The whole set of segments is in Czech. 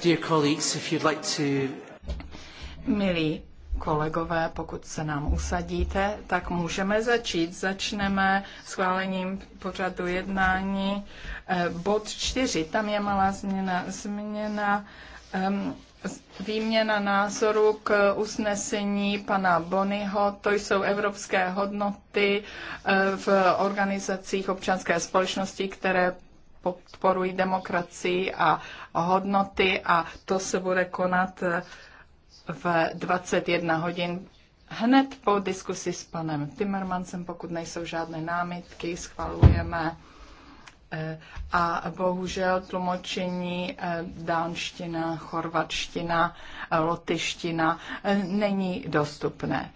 Dear colleagues, if you'd like to... Milí kolegové, pokud se nám usadíte, tak můžeme začít. Začneme schválením pořadu jednání. Eh, bod 4, tam je malá změna. Změna um, výměna názoru k usnesení pana Bonyho, to jsou evropské hodnoty eh, v organizacích občanské společnosti, které podporují demokracii a hodnoty a to se bude konat eh, v 21 hodin hned po diskusi s panem Timmermansem, pokud nejsou žádné námitky, schvalujeme Eh, a bohužel tlumočení eh, dánština, chorvatština, eh, lotyština není dostupné.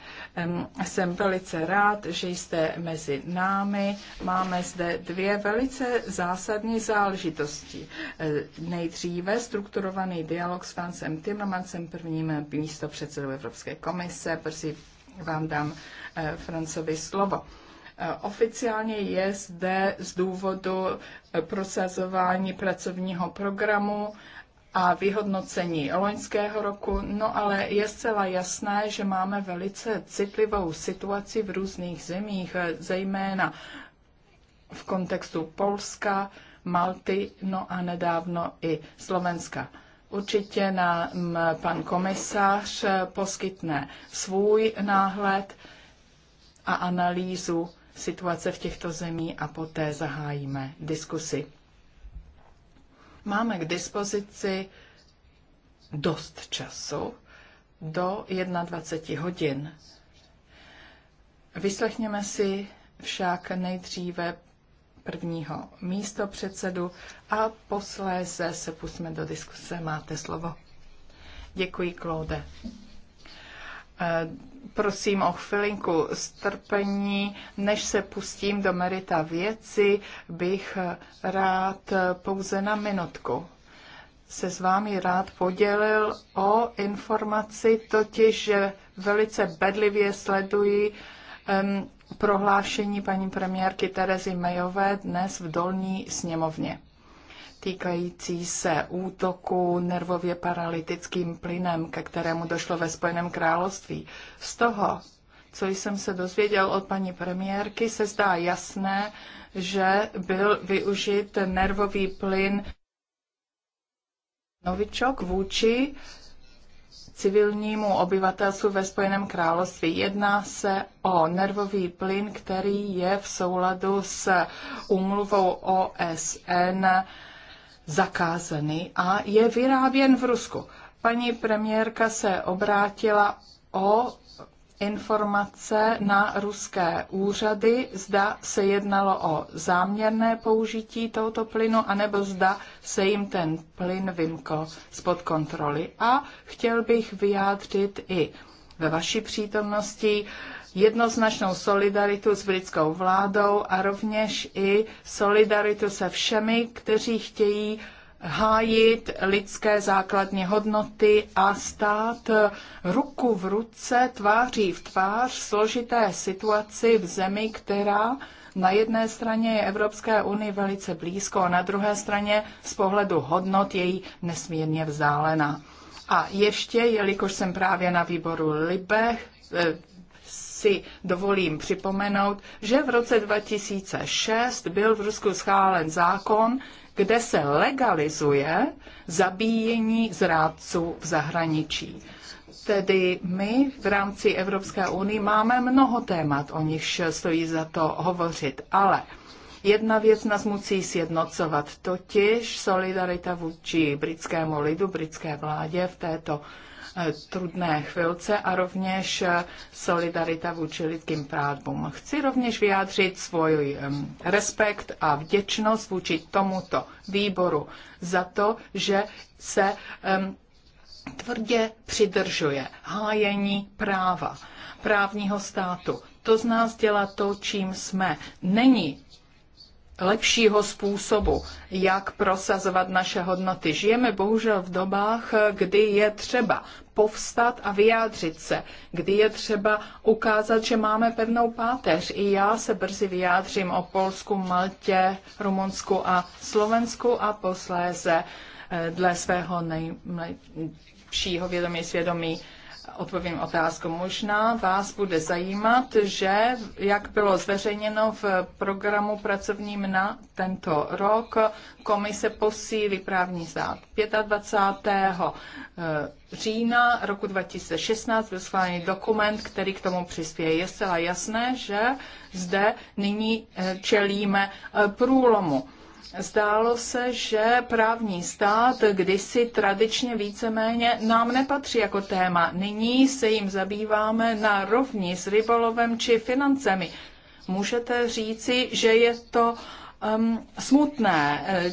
Jsem velice rád, že jste mezi námi. Máme zde dvě velice zásadní záležitosti. Nejdříve strukturovaný dialog s Francem Timmermansem, prvním místo předsedou Evropské komise. Brzy vám dám Francovi slovo. Eh, oficiálně je zde z důvodu eh, prosazování pracovního programu a vyhodnocení loňského roku, no ale je zcela jasné, že máme velice citlivou situaci v různých zemích, eh, zejména v kontextu Polska, Malty, no a nedávno i Slovenska. Určitě nám pan komisař poskytne svůj náhled a analýzu situace v těchto zemí a poté zahájíme diskusy. Máme k dispozici dost času do 21 hodin. Vyslechněme si však nejdříve prvního místo předsedu a posléze se pusme do diskuse. Máte slovo. Děkuji, Claude. Eh, prosím o chvilinku strpení, než se pustím do merita věci, bych rád pouze na minutku se s vámi rád podělil o informaci, totiž, že velice bedlivě sleduji um, prohlášení paní premiérky Terezy Mejové dnes v dolní sněmovně týkající se útoku nervově paralytickým plynem, ke kterému došlo ve Spojeném království. Z toho, co jsem se dozvěděl od paní premiérky, se zdá jasné, že byl využit nervový plyn Novičok vůči civilnímu obyvatelstvu ve Spojeném království. Jedná se o nervový plyn, který je v souladu s úmluvou OSN zakázeny a je vyráběn v Rusku. Paní premiérka se obrátila o informace na ruské úřady, zda se jednalo o záměrné použití tohoto plynu, anebo zda se jim ten plyn vymkl spod kontroly. A chtěl bych vyjádřit i ve vaší přítomnosti jednoznačnou solidaritu s britskou vládou a rovněž i solidaritu se všemi, kteří chtějí hájit lidské základní hodnoty a stát ruku v ruce, tváří v tvář složité situaci v zemi, která na jedné straně je Evropské unii velice blízko a na druhé straně z pohledu hodnot její nesmírně vzdálená. A ještě, jelikož jsem právě na výboru Libe, eh, si dovolím připomenout, že v roce 2006 byl v Rusku schválen zákon, kde se legalizuje zabíjení zrádců v zahraničí. Tedy my v rámci Evropské unie máme mnoho témat, o nichž stojí za to hovořit, ale jedna věc nás musí sjednocovat, totiž solidarita vůči britskému lidu, britské vládě v této Eh, trudné chvilce a rovněž eh, solidarita vůči lidským právům. Chci rovněž vyjádřit svůj eh, respekt a vděčnost vůči tomuto výboru za to, že se tvrdě přidržuje hájení práva, právního státu. To z nás dělá to, čím jsme. Není lepšího způsobu, jak prosazovat naše hodnoty. Žijeme bohužel v dobách, kdy je třeba povstat a vyjádřit se, kdy je třeba ukázat, že máme pevnou páteř. I já se brzy vyjádřím o Polsku, Maltě, Rumunsku a Slovensku a posléze eh, dle svého nejlepšího vědomí svědomí odpovím otázku. Možná vás bude zajímat, že jak bylo zveřejněno v programu pracovním na tento rok, komise posílí právní zát 25. Eh, října roku 2016 byl schválený dokument, který k tomu přispěje. Je zcela jasné, že zde nyní eh, čelíme eh, průlomu Zdálo se, že právní stát kdysi tradičně víceméně nám nepatří jako téma. Nyní se jim zabýváme na rovni s rybolovem či financemi. Můžete říci, že je to um, smutné, eh,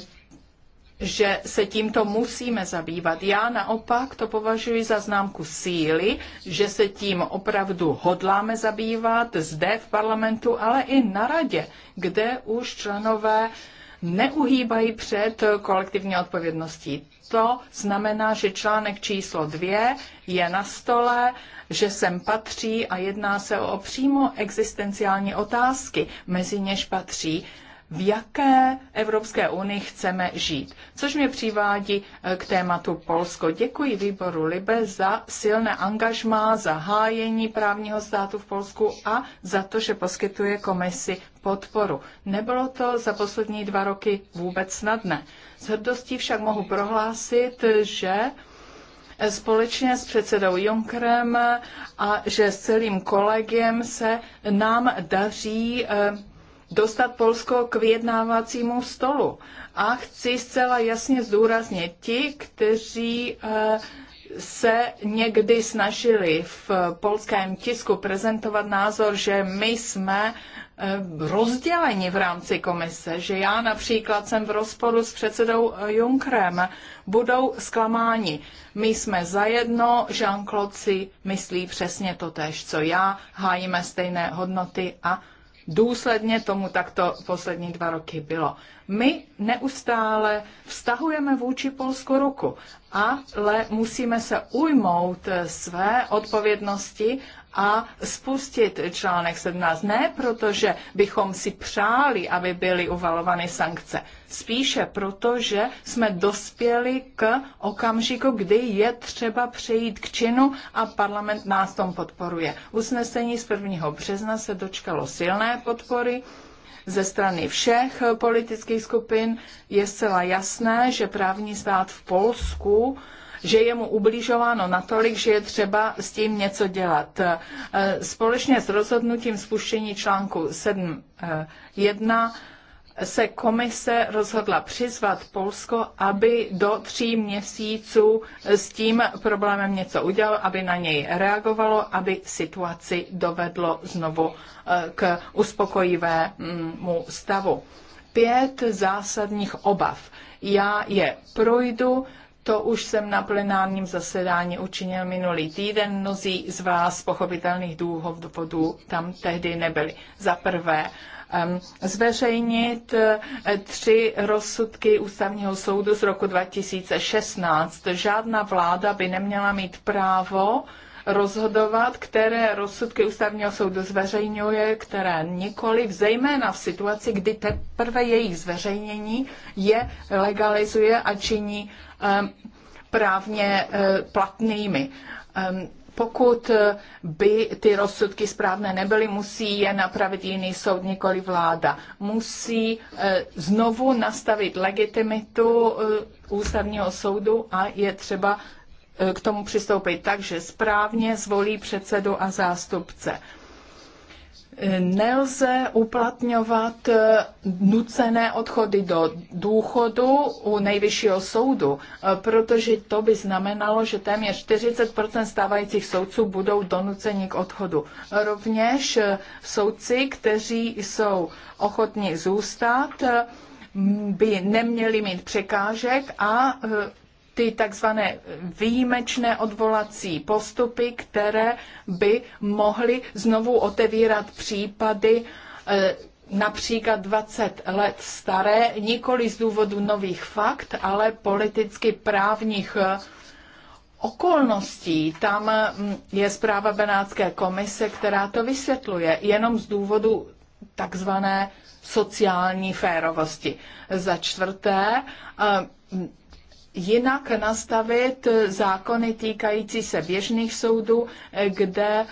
že se tímto musíme zabývat. Já naopak to považuji za známku síly, že se tím opravdu hodláme zabývat zde v parlamentu, ale i na radě, kde už členové uh, neuhýbají před kolektivní odpovědností. To znamená, že článek číslo dvě je na stole, že sem patří a jedná se o přímo existenciální otázky, mezi něž patří v jaké Evropské unii chceme žít. Což mě přivádí eh, k tématu Polsko. Děkuji výboru Libe za silné angažmá, za hájení právního státu v Polsku a za to, že poskytuje komisi podporu. Nebylo to za poslední dva roky vůbec snadné. S hrdostí však mohu prohlásit, že společně s předsedou Junkerem a že s celým kolegiem se nám daří eh, dostat Polsko k vyjednávacímu stolu. A chci zcela jasně zdůraznit ti, kteří eh, se někdy snažili v polském tisku prezentovat názor, že my jsme eh, rozděleni v rámci komise, že já například jsem v rozporu s předsedou eh, Junkrem, budou zklamáni. My jsme zajedno, Jean-Claude si myslí přesně to tež, co já, hájíme stejné hodnoty a důsledně tomu takto poslední dva roky bylo. My neustále vztahujeme vůči Polsku ruku, ale musíme se ujmout své odpovědnosti a spustit článek 17. Ne protože bychom si přáli, aby byly uvalovány sankce, spíše proto, že jsme dospěli k okamžiku, kdy je třeba přejít k činu a parlament nás tom podporuje. Usnesení z 1. března se dočkalo silné podpory ze strany všech politických skupin. Je zcela jasné, že právní stát v Polsku že je mu ubližováno natolik, že je třeba s tím něco dělat. Eh, společně s rozhodnutím spuštění článku 7.1 eh, se komise rozhodla přizvat Polsko, aby do tří měsíců s tím problémem něco udělalo, aby na něj reagovalo, aby situaci dovedlo znovu eh, k uspokojivému stavu. Pět zásadních obav. Já je projdu, to už jsem na plenárním zasedání učinil minulý týden. Mnozí z vás z pochopitelných důvodů tam tehdy nebyli. Za prvé, zveřejnit eh, tři rozsudky ústavního soudu z roku 2016. Žádná vláda by neměla mít právo rozhodovat, které rozsudky ústavního soudu zveřejňuje, které nikoli, zejména v situaci, kdy teprve jejich zveřejnění je legalizuje a činí um, právně uh, platnými. Um, pokud eh, by ty rozsudky správné nebyly, musí je napravit jiný soud, nikoli vláda. Musí eh, znovu nastavit legitimitu ústavního soudu a je třeba k tomu přistoupit tak, že správně zvolí předsedu a zástupce. Nelze uplatňovat nucené odchody do důchodu u nejvyššího soudu, protože to by znamenalo, že téměř 40 stávajících soudců budou donuceni k odchodu. Rovněž soudci, kteří jsou ochotni zůstat, by neměli mít překážek a ty takzvané výjimečné odvolací postupy, které by mohly znovu otevírat případy eh, například 20 let staré, nikoli z důvodu nových fakt, ale politicky právních eh, okolností. Tam mm, je zpráva Benátské komise, která to vysvětluje jenom z důvodu takzvané sociální férovosti. Za čtvrté, eh, jinak nastavit zákony týkající se běžných soudů, kde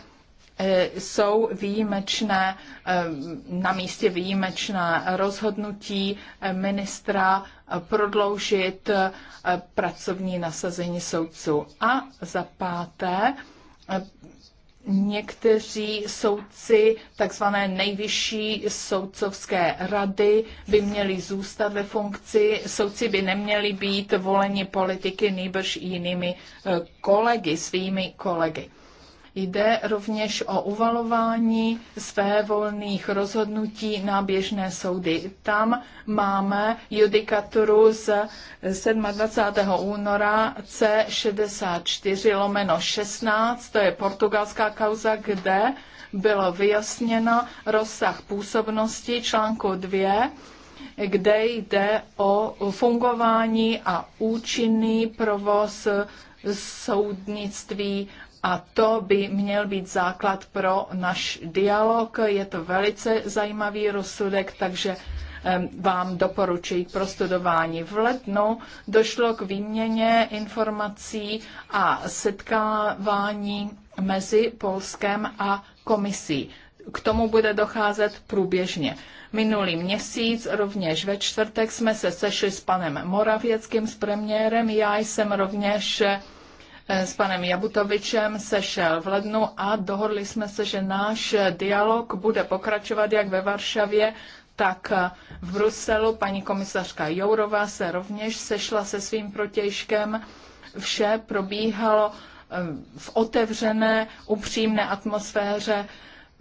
eh, jsou výjimečné, eh, na místě výjimečné rozhodnutí eh, ministra prodloužit pracovní nasazení soudců. A za páté, někteří soudci takzvané nejvyšší soudcovské rady by měli zůstat ve funkci. Soudci by neměli být voleni politiky nejbrž jinými eh, kolegy, svými kolegy. Jde rovněž o uvalování své volných rozhodnutí na běžné soudy. Tam máme judikaturu z 27. února C64 lomeno 16, to je portugalská kauza, kde bylo vyjasněno rozsah působnosti článku 2 kde jde o fungování a účinný provoz soudnictví a to by měl být základ pro náš dialog. Je to velice zajímavý rozsudek, takže vám doporučuji k prostudování. V lednu došlo k výměně informací a setkávání mezi Polskem a komisí. K tomu bude docházet průběžně. Minulý měsíc, rovněž ve čtvrtek, jsme se sešli s panem Moravěckým, s premiérem. Já jsem rovněž s panem Jabutovičem sešel v lednu a dohodli jsme se, že náš dialog bude pokračovat jak ve Varšavě, tak v Bruselu. Paní komisařka Jourová se rovněž sešla se svým protějškem. Vše probíhalo eh, v otevřené, upřímné atmosféře,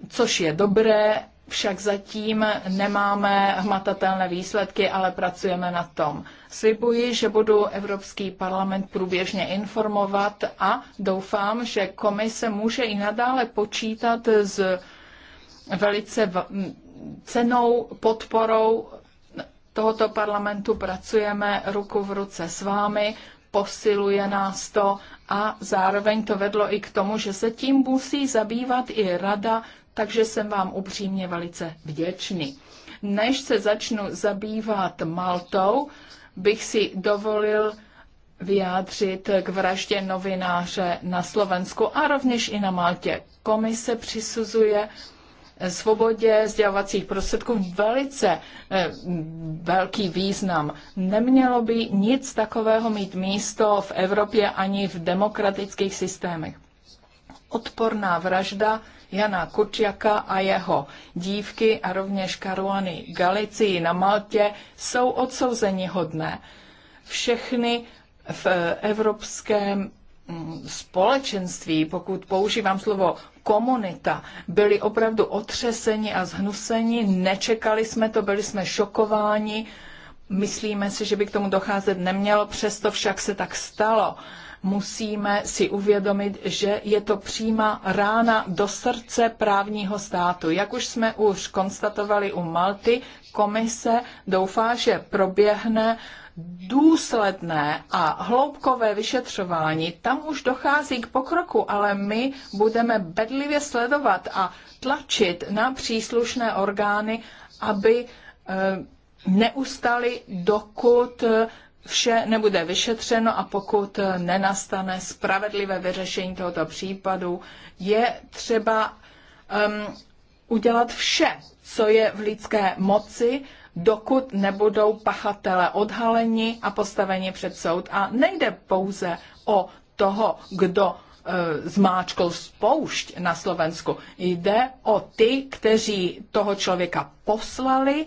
což je dobré však zatím nemáme hmatatelné výsledky, ale pracujeme na tom. Slibuji, že budu Evropský parlament průběžně informovat a doufám, že komise může i nadále počítat s velice cenou podporou tohoto parlamentu. Pracujeme ruku v ruce s vámi, posiluje nás to a zároveň to vedlo i k tomu, že se tím musí zabývat i Rada takže jsem vám upřímně velice vděčný. Než se začnu zabývat Maltou, bych si dovolil vyjádřit k vraždě novináře na Slovensku a rovněž i na Maltě. Komise přisuzuje svobodě sdělovacích prostředků velice eh, velký význam. Nemělo by nic takového mít místo v Evropě ani v demokratických systémech. Odporná vražda Jana Kočiaka a jeho dívky a rovněž Karuany Galicii na Maltě jsou odsouzeni hodné. Všechny v eh, evropském mm, společenství, pokud používám slovo komunita, byli opravdu otřeseni a zhnuseni, nečekali jsme to, byli jsme šokováni, myslíme si, že by k tomu docházet nemělo, přesto však se tak stalo musíme si uvědomit, že je to přímá rána do srdce právního státu. Jak už jsme už konstatovali u Malty, komise doufá, že proběhne důsledné a hloubkové vyšetřování. Tam už dochází k pokroku, ale my budeme bedlivě sledovat a tlačit na příslušné orgány, aby eh, neustali, dokud eh, vše nebude vyšetřeno a pokud nenastane spravedlivé vyřešení tohoto případu, je třeba um, udělat vše, co je v lidské moci, dokud nebudou pachatele odhaleni a postaveni před soud. A nejde pouze o toho, kdo eh, zmáčkol spoušť na Slovensku. Jde o ty, kteří toho člověka poslali,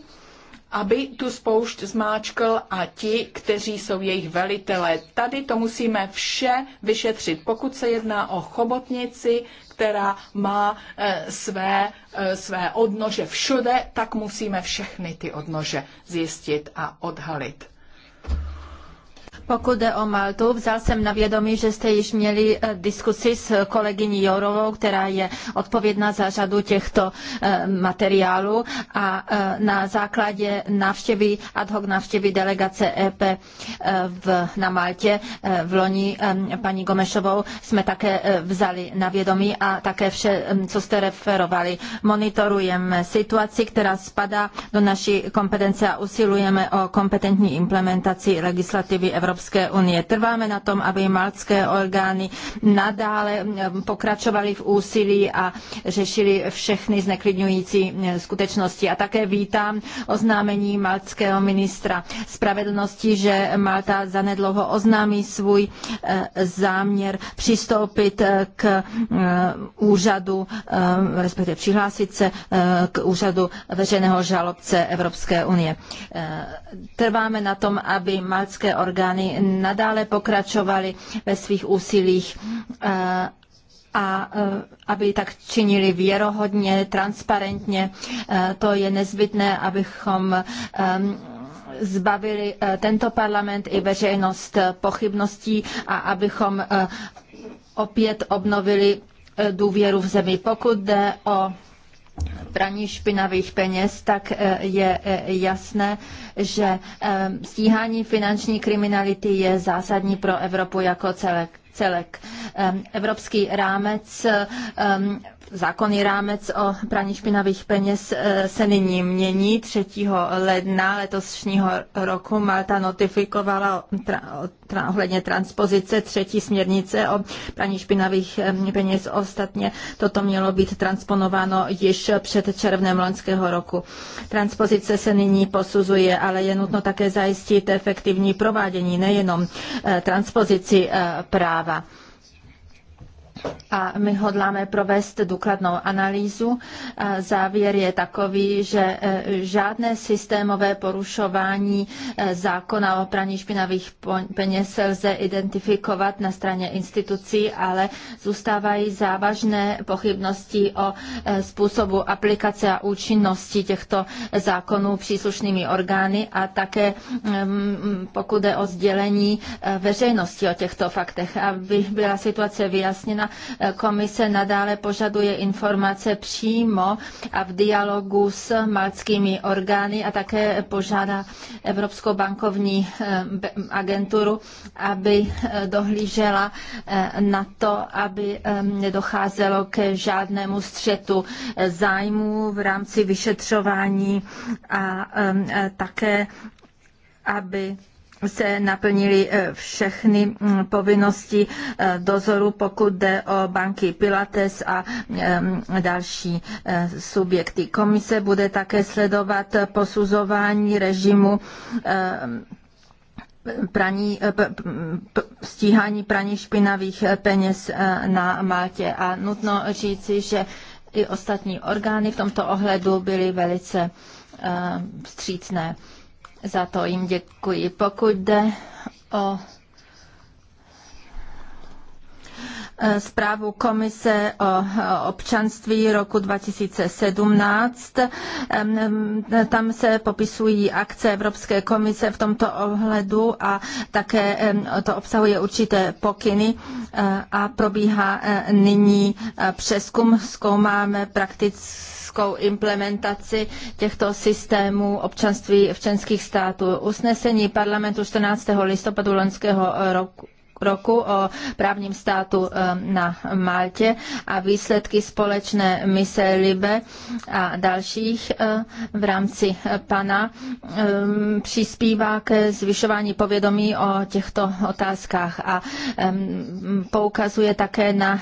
aby tu spoušť zmáčkl a ti, kteří jsou jejich velitelé. Tady to musíme vše vyšetřit. Pokud se jedná o chobotnici, která má e, své, e, své odnože všude, tak musíme všechny ty odnože zjistit a odhalit. Pokud jde o Maltu, vzal jsem na vědomí, že jste již měli eh, diskusi s kolegyní Jorovou, která je odpovědná za řadu těchto eh, materiálů a eh, na základě návštěvy, ad hoc návštěvy delegace EP v, na Maltě v loni paní Gomešovou jsme také vzali na vědomí a také vše, hm, co jste referovali. Monitorujeme situaci, která spadá do naší kompetence a usilujeme o kompetentní implementaci legislativy Evropské Evropské unie. Trváme na tom, aby maltské orgány nadále pokračovaly v úsilí a řešili všechny zneklidňující skutečnosti. A také vítám oznámení maltského ministra spravedlnosti, že Malta zanedlouho oznámí svůj eh, záměr přistoupit eh, k eh, úřadu, respektive přihlásit se k úřadu veřejného žalobce Evropské unie. Trváme na tom, aby maltské orgány orgány nadále pokračovaly ve svých úsilích eh, a eh, aby tak činili věrohodně, transparentně. Eh, to je nezbytné, abychom ehm, zbavili tento parlament i veřejnost pochybností a abychom opět obnovili důvěru v zemi. Pokud jde o praní špinavých peněz, tak eh, je eh, jasné, že eh, stíhání finanční kriminality je zásadní pro Evropu jako celek. celek. Evropský rámec Zákonný rámec o praní špinavých peněz eh, se nyní mění. 3. ledna letošního roku Malta notifikovala ohledně transpozice třetí směrnice o praní špinavých eh, peněz. Ostatně toto mělo být transponováno již před červnem loňského roku. Transpozice se nyní posuzuje, ale je nutno také zajistit efektivní provádění, nejenom eh, transpozici práva a my hodláme provést důkladnou analýzu. Závěr je takový, že e, žádné systémové porušování e, zákona o praní špinavých peněz lze identifikovat na straně institucí, ale zůstávají závažné pochybnosti o e, způsobu aplikace a účinnosti těchto zákonů příslušnými orgány a také mm, pokud jde o sdělení veřejnosti o těchto faktech. Aby byla situace vyjasněna, komise nadále požaduje informace přímo a v dialogu s maltskými orgány a také požádá Evropskou bankovní eh, agenturu, aby eh, dohlížela eh, na to, aby nedocházelo ke žádnému střetu zájmů v rámci vyšetřování a také, aby se naplnili eh, všechny mm, povinnosti eh, dozoru, pokud jde o banky Pilates a další eh, subjekty. Komise bude také sledovat posuzování režimu praní, stíhání praní špinavých peněz na Maltě. A nutno říci, že i ostatní orgány v tomto ohledu byly velice vstřícné. Uh, za to jim děkuji. Pokud jde o eh, zprávu Komise o eh, občanství roku 2017. Tam se popisují akce Evropské komise v tomto ohledu a také to obsahuje určité pokyny eh, a probíhá nyní přeskum. Zkoumáme prakticky praktickou implementaci těchto systémů občanství v členských států. Usnesení parlamentu 14. listopadu loňského roku roku o právním státu eh, na Maltě a výsledky společné mise Libe a dalších eh, v rámci eh, pana přispívá ke zvyšování povědomí o těchto otázkách a poukazuje také na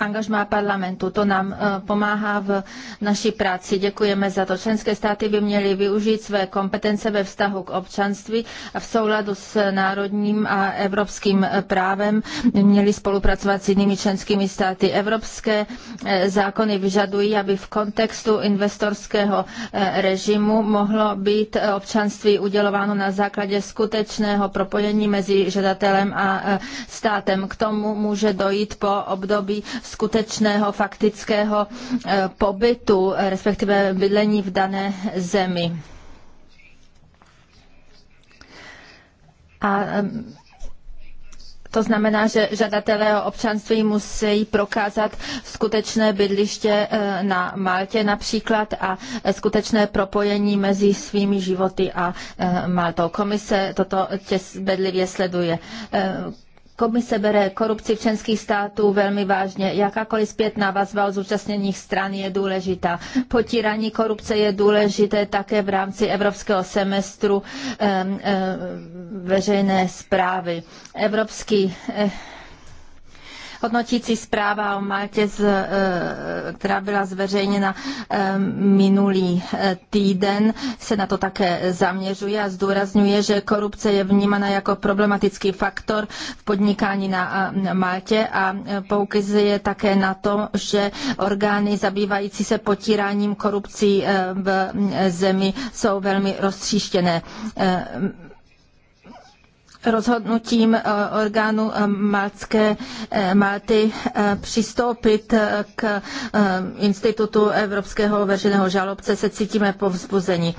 angažmá parlamentu. To nám eh, pomáhá v naší práci. Děkujeme za to. Členské státy by měly využít své kompetence ve vztahu k občanství a v souladu s národním a evropským eh, právem měly spolupracovat s jinými členskými státy. Evropské eh, zákony vyžadují, aby v kontextu investorského režimu mohlo být občanství udělováno na základě skutečného propojení mezi žadatelem a státem. K tomu může dojít po období skutečného faktického eh, pobytu, eh, respektive bydlení v dané zemi. A to znamená, že žadatelé o občanství musí prokázat skutečné bydliště eh, na Maltě například a skutečné propojení mezi svými životy a Maltou. Komise toto bedlivě sleduje. Komise bere korupci členských států velmi vážně. Jakákoliv zpětná vazba od zúčastněných stran je důležitá. Potírání korupce je důležité také v rámci evropského semestru veřejné zprávy. Evropský eh, hodnotící zpráva o Maltě, eh, která byla zveřejněna eh, minulý eh, týden, se na to také zaměřuje a zdůrazňuje, že korupce je vnímána jako problematický faktor v podnikání na Maltě a poukazuje také na to, že orgány zabývající se potíráním korupcí v zemi jsou velmi roztříštěné rozhodnutím eh, orgánu eh, Maltské, eh, Malty přistoupit k institutu Evropského veřejného žalobce se cítíme povzbuzeni.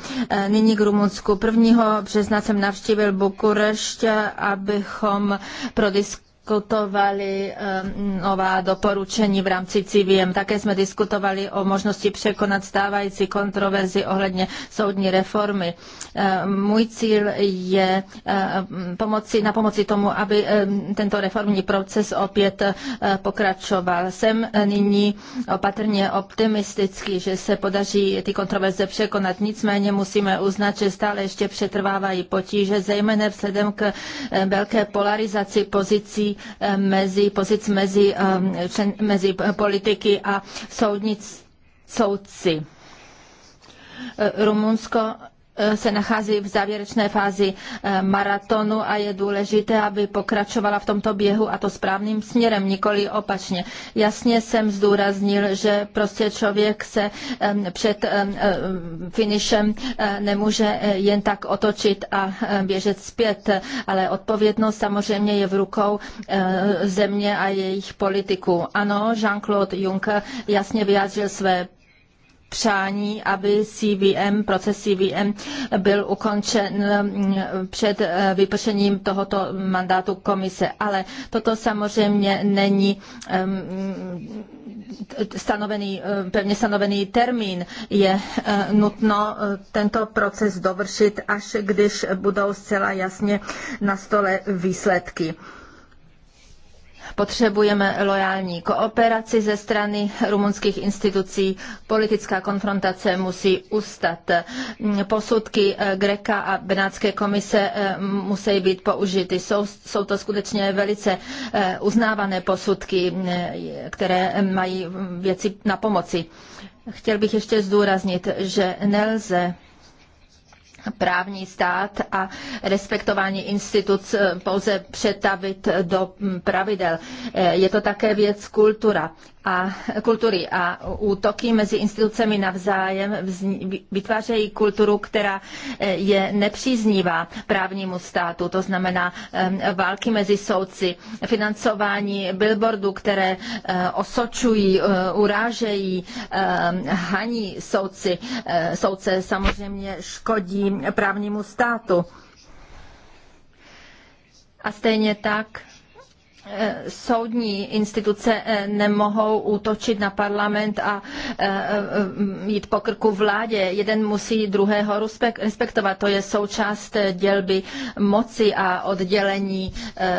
Nyní k Rumunsku. 1. března jsem navštívil Bukurešť, abychom prodiskutovali diskutovali ehm, nová doporučení v rámci CVM. Také jsme diskutovali o možnosti překonat stávající kontroverzi ohledně soudní reformy. Ehm, můj cíl je ehm, pomoci, na pomoci tomu, aby tento reformní proces opět eh, pokračoval. Jsem eh, nyní opatrně optimistický, že se podaří ty kontroverze překonat. Nicméně musíme uznat, že stále ještě přetrvávají potíže, zejména vzhledem k eh, velké polarizaci pozicí mezi pozic mezi, um, mezi politiky a soudnic, soudci. E, Rumunsko Eh, se nachází v závěrečné fázi eh, maratonu a je důležité, aby pokračovala v tomto běhu a to správným směrem, nikoli opačně. Jasně jsem zdůraznil, že prostě člověk se před eh, finišem nemůže jen tak otočit a běžet zpět, ale odpovědnost samozřejmě je v rukou země a jejich politiků. Ano, Jean-Claude Juncker jasně vyjádřil své přání, aby CVM, proces CVM byl ukončen mm, před eh, vypršením tohoto mandátu komise. Ale toto samozřejmě není mm, stanovený, eh, pevně stanovený termín. Je eh, nutno tento proces dovršit, až když budou zcela jasně na stole výsledky. Potřebujeme loajální kooperaci ze strany rumunských institucí. Politická konfrontace musí ustat. Posudky eh, Greka a Benátské komise eh, musí být použity. Jsou, jsou to skutečně velice eh, uznávané posudky, které mají věci na pomoci. Chtěl bych ještě zdůraznit, že nelze právní stát a respektování institut eh, pouze přetavit do hm, pravidel. Eh, je to také věc kultura, a kultury a útoky mezi institucemi navzájem vytvářejí kulturu, která eh, je nepříznivá právnímu státu, to znamená eh, války mezi soudci, financování billboardů, které eh, osočují, urážejí, haní soudci. Soudce samozřejmě škodí právnímu státu. A stejně tak Eh, soudní instituce eh, nemohou útočit na parlament a eh, jít po krku vládě. Jeden musí druhého respektovat. To je součást dělby moci a oddělení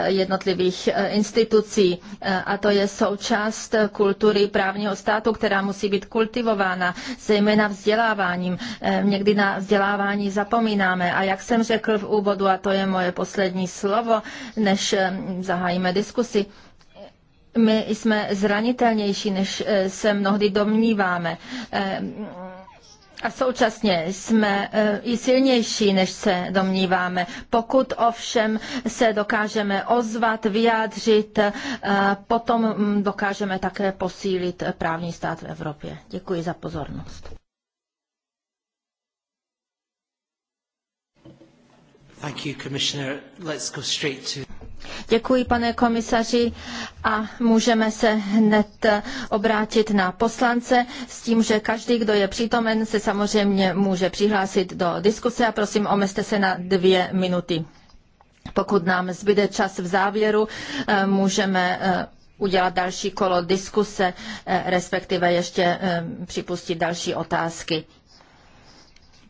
jednotlivých institucí. A to je součást kultury právního státu, která musí být kultivována, zejména vzděláváním. Někdy na vzdělávání zapomínáme. A jak jsem řekl v úvodu, a to je moje poslední slovo, než zahájíme diskusi, diskusi. My jsme zranitelnější, než eh, se mnohdy domníváme. Eh, a současně jsme eh, i silnější, než se domníváme. Pokud ovšem se dokážeme ozvat, vyjádřit, potom mm, dokážeme také posílit právní stát v Evropě. Děkuji za pozornost. Thank you, Commissioner. Let's go straight to... Děkuji, pane komisaři, a můžeme se hned obrátit na poslance s tím, že každý, kdo je přítomen, se samozřejmě může přihlásit do diskuse a prosím, omezte se na dvě minuty. Pokud nám zbyde čas v závěru, eh, můžeme eh, udělat další kolo diskuse, eh, respektive ještě připustit další otázky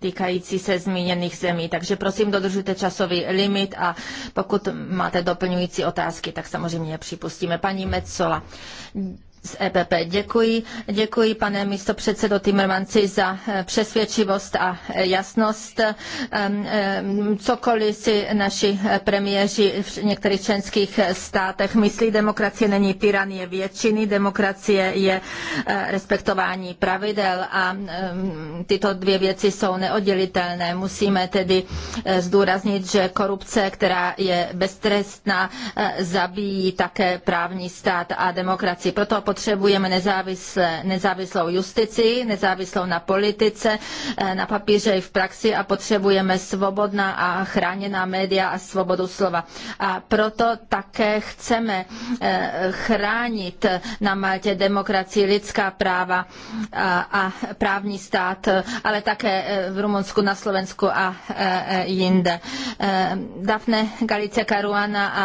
týkající se zmíněných zemí. Takže prosím, dodržujte časový limit a pokud máte doplňující otázky, tak samozřejmě je připustíme. Paní Metzola, z EPP. Děkuji, děkuji pane místo předsedo Timmermanci za eh, přesvědčivost a eh, jasnost. Ehm, ehm, cokoliv si naši eh, premiéři v některých členských státech myslí, demokracie není tyranie většiny, demokracie je respektování pravidel a ehm, tyto dvě věci jsou neoddělitelné. Musíme tedy zdůraznit, že korupce, která je beztrestná, zabíjí také právní stát a demokracii. Proto potřebujeme nezávislou justici, nezávislou na politice, eh, na papíře i v praxi a potřebujeme svobodná a chráněná média a svobodu slova. A proto také chceme eh, chránit na Maltě demokracii, lidská práva a právní stát, ale také eh, v Rumunsku, na Slovensku a jinde. Dafne Galice Caruana a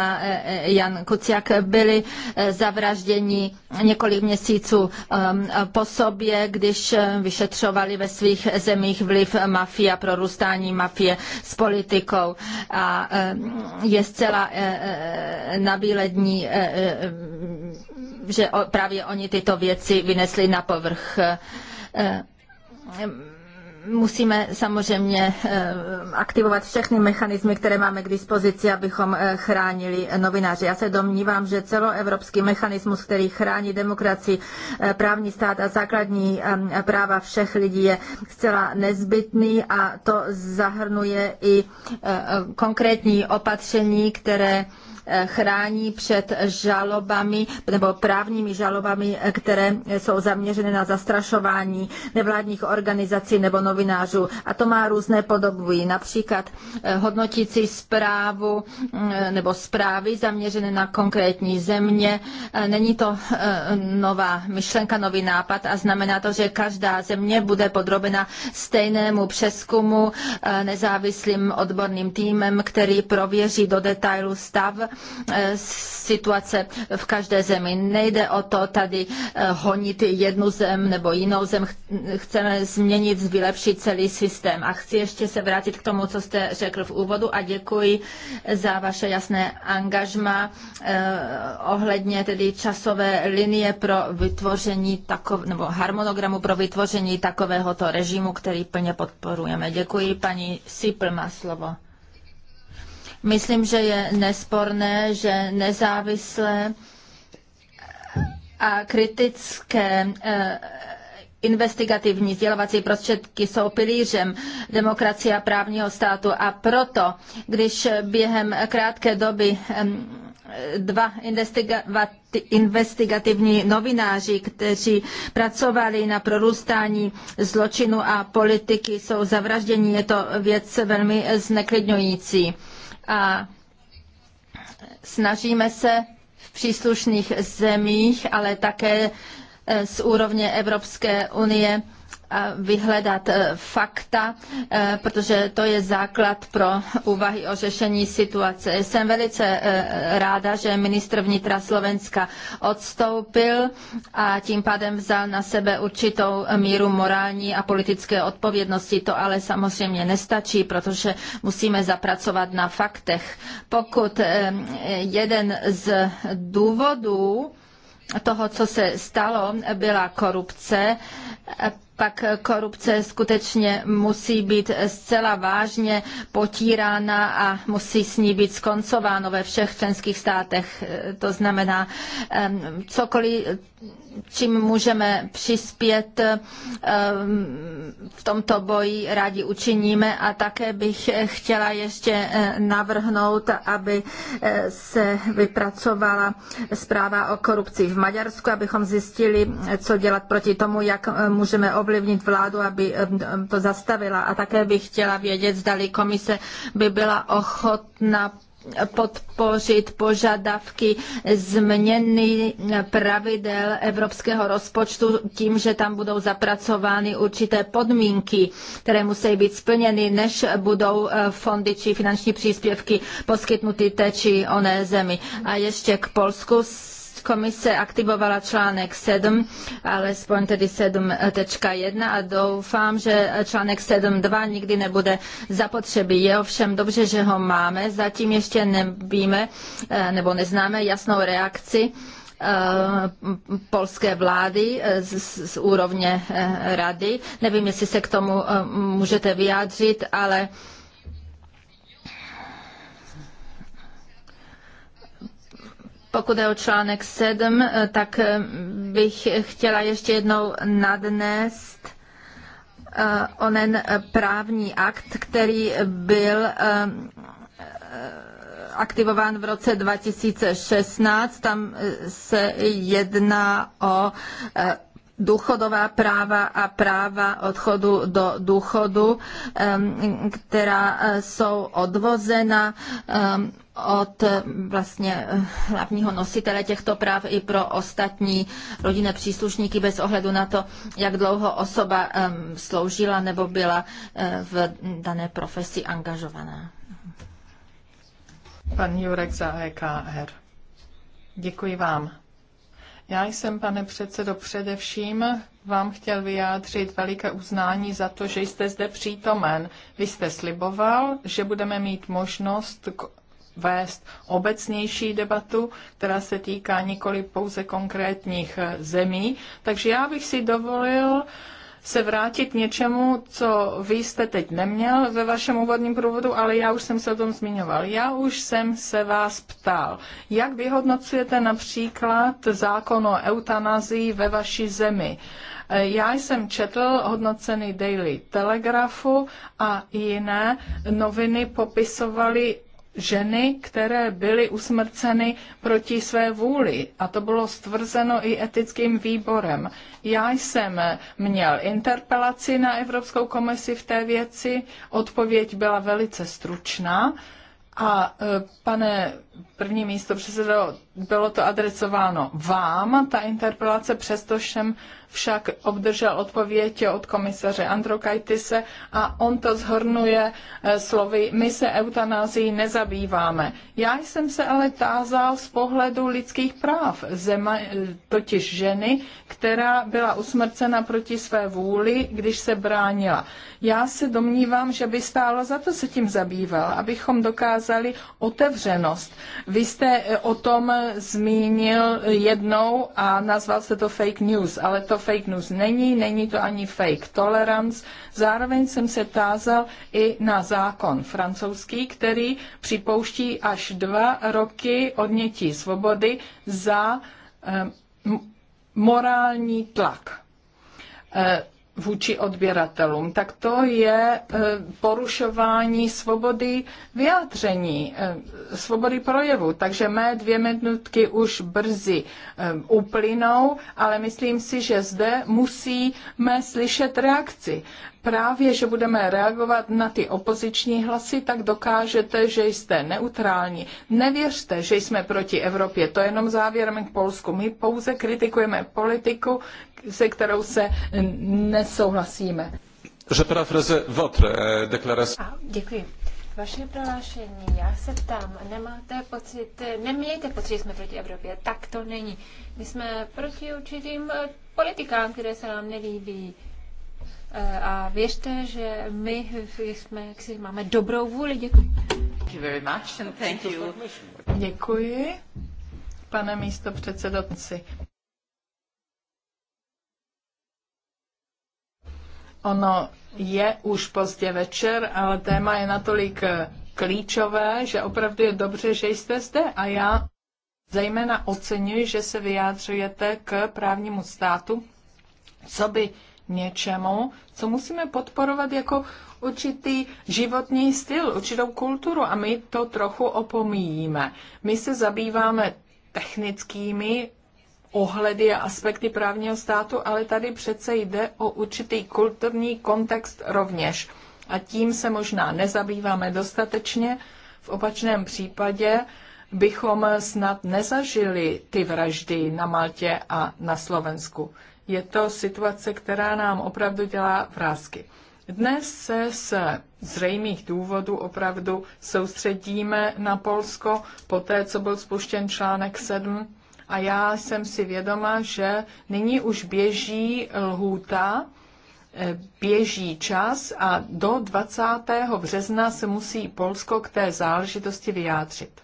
Jan Kuciak byli zavražděni několik několik měsíců um, po sobě, když eh, vyšetřovali ve svých zemích vliv mafie a prorůstání mafie s politikou. A eh, je zcela eh, nabílední, že právě oni tyto věci vynesli na povrch musíme samozřejmě eh, aktivovat všechny mechanismy, které máme k dispozici, abychom eh, chránili eh, novináře. Já se domnívám, že celoevropský mechanismus, který chrání demokracii, právní stát a základní práva všech lidí je zcela nezbytný a to zahrnuje i konkrétní opatření, které chrání před žalobami nebo právními žalobami, které jsou zaměřené na zastrašování nevládních organizací nebo novinářů. A to má různé podoby, například eh, hodnotící zprávu mm, nebo zprávy zaměřené na konkrétní země. Eh, není to eh, nová myšlenka, nový nápad a znamená to, že každá země bude podrobena stejnému přeskumu nezávislým odborným týmem, který prověří do detailu stav Eh, situace v každé zemi. Nejde o to tady eh, honit jednu zem nebo jinou zem. Chceme změnit, vylepšit celý systém. A chci ještě se vrátit k tomu, co jste řekl v úvodu a děkuji za vaše jasné angažma eh, ohledně tedy časové linie pro vytvoření takov, nebo harmonogramu pro vytvoření takovéhoto režimu, který plně podporujeme. Děkuji, paní Sipl má slovo. Myslím, že je nesporné, že nezávislé a kritické eh, investigativní sdělovací prostředky jsou pilířem demokracie a právního státu a proto, když během krátké doby dva investigativní novináři, kteří pracovali na prorůstání zločinu a politiky, jsou zavražděni. Je to věc velmi zneklidňující. A snažíme se v příslušných zemích, ale také eh, z úrovně Evropské unie vyhledat e, fakta, e, protože to je základ pro úvahy o řešení situace. Jsem velice e, ráda, že ministr vnitra Slovenska odstoupil a tím pádem vzal na sebe určitou míru morální a politické odpovědnosti. To ale samozřejmě nestačí, protože musíme zapracovat na faktech. Pokud jeden z důvodů toho, co se stalo, byla korupce, pak korupce skutečně musí být zcela vážně potírána a musí s ní být skoncováno ve všech členských státech. To znamená, cokoliv, čím můžeme přispět ehm, v tomto boji, rádi učiníme. A také bych chtěla ještě eh, navrhnout, aby eh, se vypracovala zpráva o korupci v Maďarsku, abychom zjistili, eh, co dělat proti tomu, jak můžeme ovlivnit vládu, aby to zastavila. A také bych chtěla vědět, zdali komise by byla ochotna podpořit požadavky změny pravidel evropského rozpočtu tím, že tam budou zapracovány určité podmínky, které musí být splněny, než budou eh, fondy či finanční příspěvky poskytnuty té či oné zemi. A ještě k Polsku Komise aktivovala článek 7, alespoň tedy 7.1 a doufám, že článek 7.2 nikdy nebude zapotřebí. Je ovšem dobře, že ho máme. Zatím ještě nevíme eh, nebo neznáme jasnou reakci eh, polské vlády eh, z, z, úrovně rady. Nevím, jestli se k tomu můžete vyjádřit, ale Pokud je o článek 7, eh, tak eh, bych chtěla ještě jednou nadnést eh, onen právní akt, který byl aktivován v roce 2016. Tam se jedná o důchodová práva a práva odchodu do důchodu, která jsou odvozena od vlastně eh, hlavního nositele těchto práv i pro ostatní rodinné příslušníky bez ohledu na to, jak dlouho osoba sloužila nebo byla eh, v dané profesi angažovaná. Pan Jurek za EKR. Děkuji vám. Já jsem, pane předsedo, především vám chtěl vyjádřit veliké uznání za to, že jste zde přítomen. Vy jste sliboval, že budeme mít možnost k vést obecnější debatu, která se týká nikoli pouze konkrétních eh, zemí. Takže já bych si dovolil se vrátit k něčemu, co vy jste teď neměl ve vašem úvodním průvodu, ale já už jsem se o tom zmiňoval. Já už jsem se vás ptal, jak vyhodnocujete například zákon o eutanazii ve vaší zemi. Eh, já jsem četl hodnocený Daily Telegrafu a jiné noviny popisovaly ženy, které byly usmrceny proti své vůli. A to bylo stvrzeno i etickým výborem. Já jsem měl interpelaci na Evropskou komisi v té věci, odpověď byla velice stručná. A e, pane první místo předsedo, bylo to adresováno vám, ta interpelace, přesto jsem však obdržel odpověď od komisaře Androkajtise a on to zhrnuje eh, slovy, my se eutanází nezabýváme. Já jsem se ale tázal z pohledu lidských práv, zema, eh, totiž ženy, která byla usmrcena proti své vůli, když se bránila. Já se domnívám, že by stálo za to se tím zabýval, abychom dokázali otevřenost vy jste eh, o tom zmínil jednou a nazval jste to fake news, ale to fake news není, není to ani fake tolerance. Zároveň jsem se tázal i na zákon francouzský, který připouští až dva roky odnětí svobody za eh, morální tlak. Eh, vůči odběratelům, tak to je e, porušování svobody vyjádření, e, svobody projevu. Takže mé dvě minutky už brzy e, uplynou, ale myslím si, že zde musíme slyšet reakci právě, že budeme reagovat na ty opoziční hlasy, tak dokážete, že jste neutrální. Nevěřte, že jsme proti Evropě. To je jenom závěrem k Polsku. My pouze kritikujeme politiku, se kterou se nesouhlasíme. Že parafraze votre eh, deklarace. Děkuji. Vaše prohlášení, já se ptám, nemáte pocit, nemějte pocit, že jsme proti Evropě, tak to není. My jsme proti určitým eh, politikám, které se nám nelíbí. Eh, a věřte, že my jsme, jak si máme dobrou vůli. Děkuji. Thank you very much and thank you. Děkuji, pane místo předsedoci. Ono je už pozdě večer, ale téma je natolik eh, klíčové, že opravdu je dobře, že jste zde a já zejména oceňuji, že se vyjádřujete k právnímu státu, co by něčemu, co musíme podporovat jako určitý životní styl, určitou kulturu a my to trochu opomíjíme. My se zabýváme technickými ohledy a aspekty právního státu, ale tady přece jde o určitý kulturní kontext rovněž. A tím se možná nezabýváme dostatečně. V opačném případě bychom snad nezažili ty vraždy na Maltě a na Slovensku je to situace, která nám opravdu dělá vrázky. Dnes se z zřejmých důvodů opravdu soustředíme na Polsko po té, co byl spuštěn článek 7 a já jsem si vědoma, že nyní už běží lhůta, eh, běží čas a do 20. března se musí Polsko k té záležitosti vyjádřit.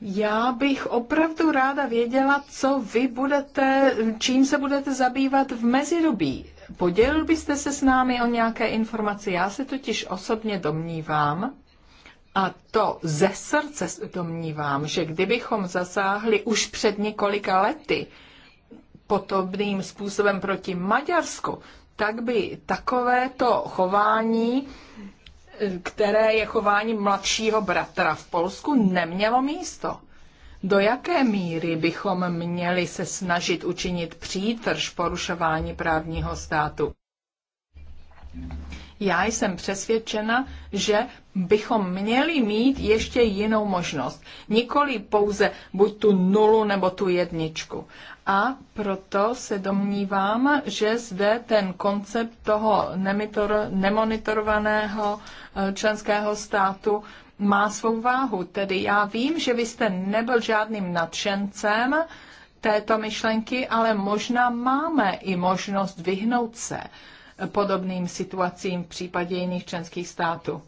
Já bych opravdu ráda věděla, co vy budete, čím se budete zabývat v mezidobí. Podělil byste se s námi o nějaké informace? Já se totiž osobně domnívám, a to ze srdce domnívám, že kdybychom zasáhli už před několika lety podobným způsobem proti Maďarsku, tak by takovéto chování které je chování mladšího bratra v Polsku, nemělo místo. Do jaké míry bychom měli se snažit učinit přítrž porušování právního státu? Já jsem přesvědčena, že bychom měli mít ještě jinou možnost. Nikoli pouze buď tu nulu nebo tu jedničku. A proto se domnívám, že zde ten koncept toho nemonitorovaného eh, členského státu má svou váhu. Tedy já vím, že vy jste nebyl žádným nadšencem této myšlenky, ale možná máme i možnost vyhnout se podobným situacím v případě jiných členských států.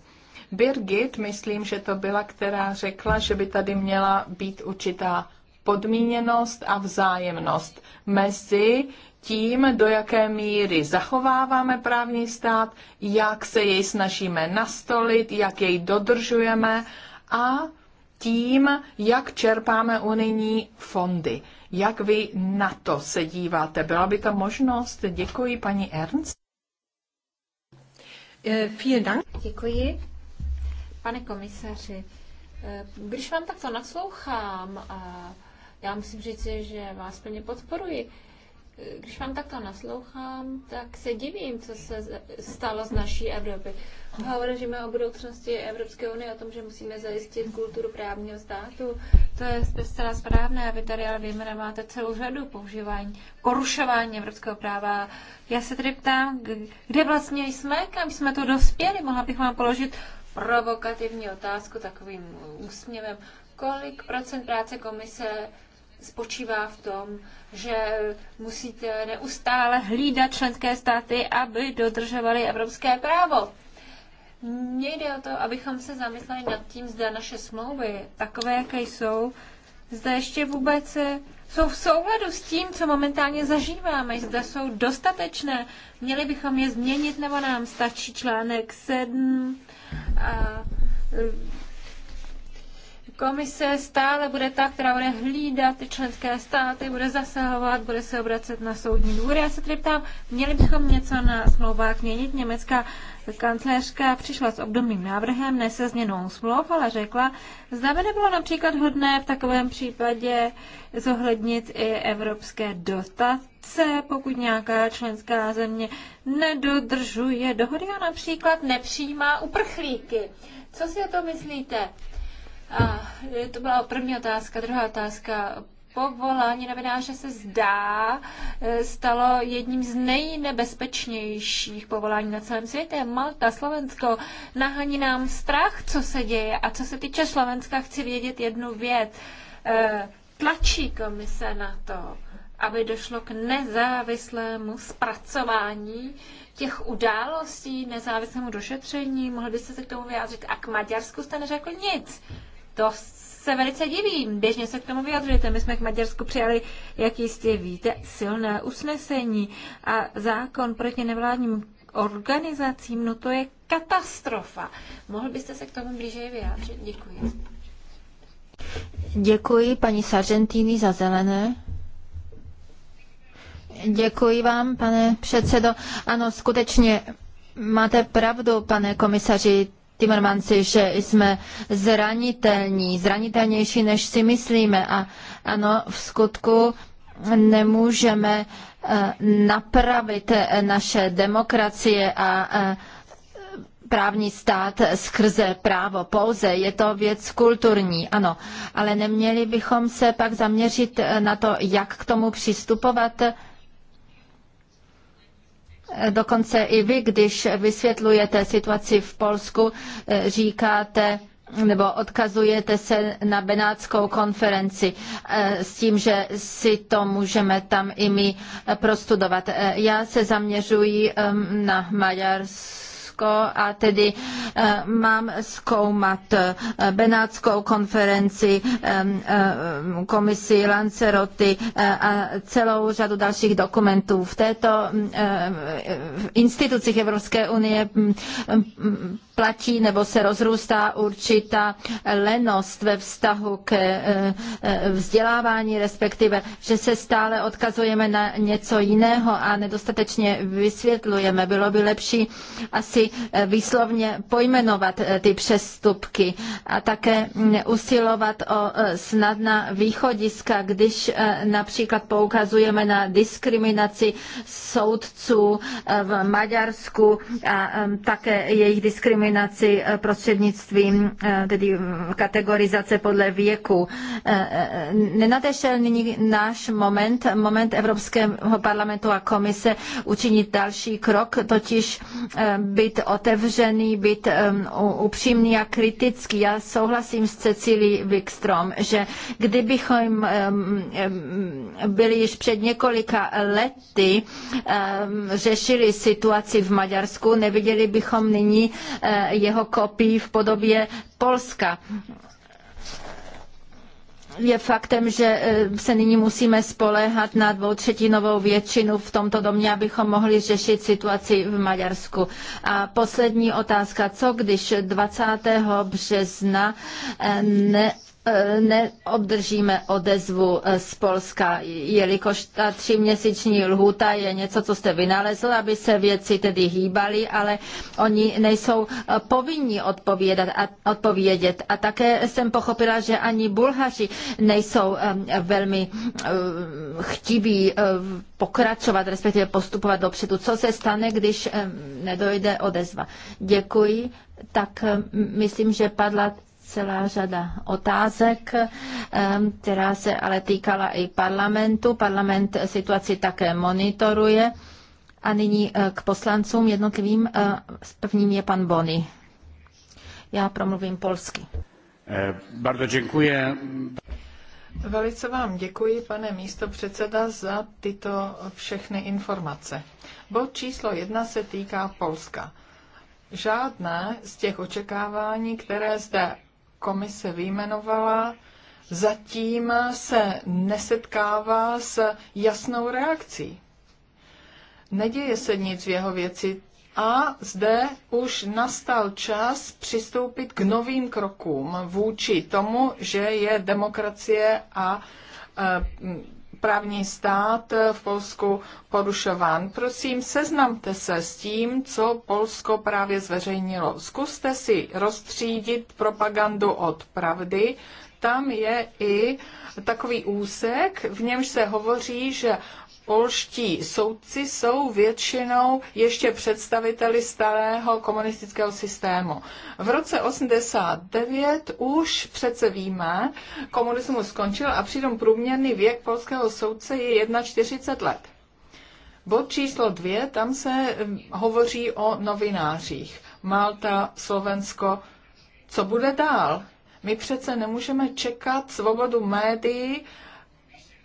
Birgit, myslím, že to byla, která řekla, že by tady měla být určitá podmíněnost a vzájemnost mezi tím, do jaké míry zachováváme právní stát, jak se jej snažíme nastolit, jak jej dodržujeme a tím, jak čerpáme unijní fondy. Jak vy na to se díváte? Byla by to možnost? Děkuji, paní Ernst. Eh, Děkuji. Pane komisaři, eh, když vám takto naslouchám a eh, já musím říct, že vás plně podporuji. Když vám takto naslouchám, tak se divím, co se stalo z naší Evropy. Hovoříme o budoucnosti Evropské unie, o tom, že musíme zajistit kulturu právního státu. To je zcela správné a vy tady ale máte celou řadu používání, porušování evropského práva. Já se tedy ptám, kde vlastně jsme, kam jsme to dospěli? Mohla bych vám položit provokativní otázku takovým úsměvem. Kolik procent práce komise spočívá v tom, že musíte neustále hlídat členské státy, aby dodržovaly evropské právo. Mně jde o to, abychom se zamysleli nad tím, zda naše smlouvy, takové, jaké jsou, zda ještě vůbec jsou v souladu s tím, co momentálně zažíváme, zda jsou dostatečné. Měli bychom je změnit, nebo nám stačí článek 7 a Komise stále bude ta, která bude hlídat ty členské státy, bude zasahovat, bude se obracet na soudní dvůr. Já se tedy ptám, měli bychom něco na smlouvách měnit? Německá kancléřka přišla s obdobným návrhem, ne se změnou smlouv, ale řekla, zda by nebylo například hodné v takovém případě zohlednit i evropské dotace, pokud nějaká členská země nedodržuje dohody a například nepřijímá uprchlíky. Co si o to myslíte? A to byla první otázka. Druhá otázka. Povolání novináře se zdá e, stalo jedním z nejnebezpečnějších povolání na celém světě. Malta, Slovensko, nahání nám strach, co se děje. A co se týče Slovenska, chci vědět jednu věc. E, Tlačí komise na to, aby došlo k nezávislému zpracování těch událostí, nezávislému došetření. Mohli byste se k tomu vyjádřit. A k Maďarsku jste neřekl nic to se velice divím. Běžně se k tomu vyjadřujete. My jsme k Maďarsku přijali, jak jistě víte, silné usnesení a zákon proti nevládním organizacím, no to je katastrofa. Mohl byste se k tomu blíže vyjádřit? Děkuji. Děkuji paní Sargentini za zelené. Děkuji vám, pane předsedo. Ano, skutečně máte pravdu, pane komisaři. Timmermansi, že jsme zranitelní, zranitelnější, než si myslíme. A ano, v skutku nemůžeme eh, napravit eh, naše demokracie a eh, právní stát skrze právo pouze. Je to věc kulturní, ano. Ale neměli bychom se pak zaměřit na to, jak k tomu přistupovat, Dokonce i vy, když vysvětlujete situaci v Polsku, eh, říkáte, nebo odkazujete se na Benátskou konferenci eh, s tím, že si to můžeme tam i my eh, prostudovat. Já se zaměřuji ehm, na Maďarsko Německo a tedy eh, mám zkoumat eh, Benátskou konferenci, eh, komisi Lanceroty a celou řadu dalších dokumentů. V této mm, v institucích Evropské unie mm, mm, platí nebo se rozrůstá určitá lenost ve vztahu k eh, eh, vzdělávání, respektive, že se stále odkazujeme na něco jiného a nedostatečně vysvětlujeme. Bylo by lepší asi eh, výslovně pojmenovat ty přestupky a také mm, usilovat o snadná východiska, když například poukazujeme na diskriminaci soudců v Maďarsku a také jejich diskriminaci diskriminaci eh, prostřednictvím eh, tedy mm, kategorizace podle věku. Eh, nenadešel nyní náš moment, moment Evropského parlamentu a komise učinit další krok, totiž být otevřený, být upřímný a kritický. Já souhlasím s Cecilí Wikstrom, že kdybychom mm, byli již před několika lety, řešili situaci v Maďarsku, neviděli bychom nyní jeho kopií v podobě Polska je faktem, že eh, se nyní musíme spoléhat na dvoutřetinovou většinu v tomto domě, abychom mohli řešit situaci v Maďarsku. A poslední otázka, co když 20. března eh, ne E, neobdržíme odezvu e, z Polska, jelikož ta tříměsíční lhůta je něco, co jste vynalezl, aby se věci tedy hýbaly, ale oni nejsou e, povinni odpovědat a, odpovědět. A také jsem pochopila, že ani Bulhaři nejsou velmi chtiví pokračovat, respektive postupovat dopředu. Co se stane, když nedojde odezva? Děkuji. Tak myslím, že padla celá řada otázek, která se ale týkala i parlamentu. Parlament situaci také monitoruje. A nyní eh, k poslancům jednotlivým. Eh, s prvním je pan Bony. Já promluvím polsky. Eh, bardzo dziękuję. Velice vám děkuji, pane místo předseda, za tyto všechny informace. Bod číslo jedna se týká Polska. Žádné z těch očekávání, které zde komise vyjmenovala, zatím se nesetkává s jasnou reakcí. Neděje se nic v jeho věci a zde už nastal čas přistoupit k novým krokům vůči tomu, že je demokracie a e, právní stát v Polsku porušován. Prosím, seznamte se s tím, co Polsko právě zveřejnilo. Zkuste si rozstřídit propagandu od pravdy. Tam je i takový úsek, v němž se hovoří, že polští soudci jsou většinou ještě představiteli starého komunistického systému. V roce 89 už přece víme, komunismus skončil a přitom průměrný věk polského soudce je 41 let. Bod číslo dvě, tam se mm, hovoří o novinářích. Malta, Slovensko. Co bude dál? My přece nemůžeme čekat svobodu médií,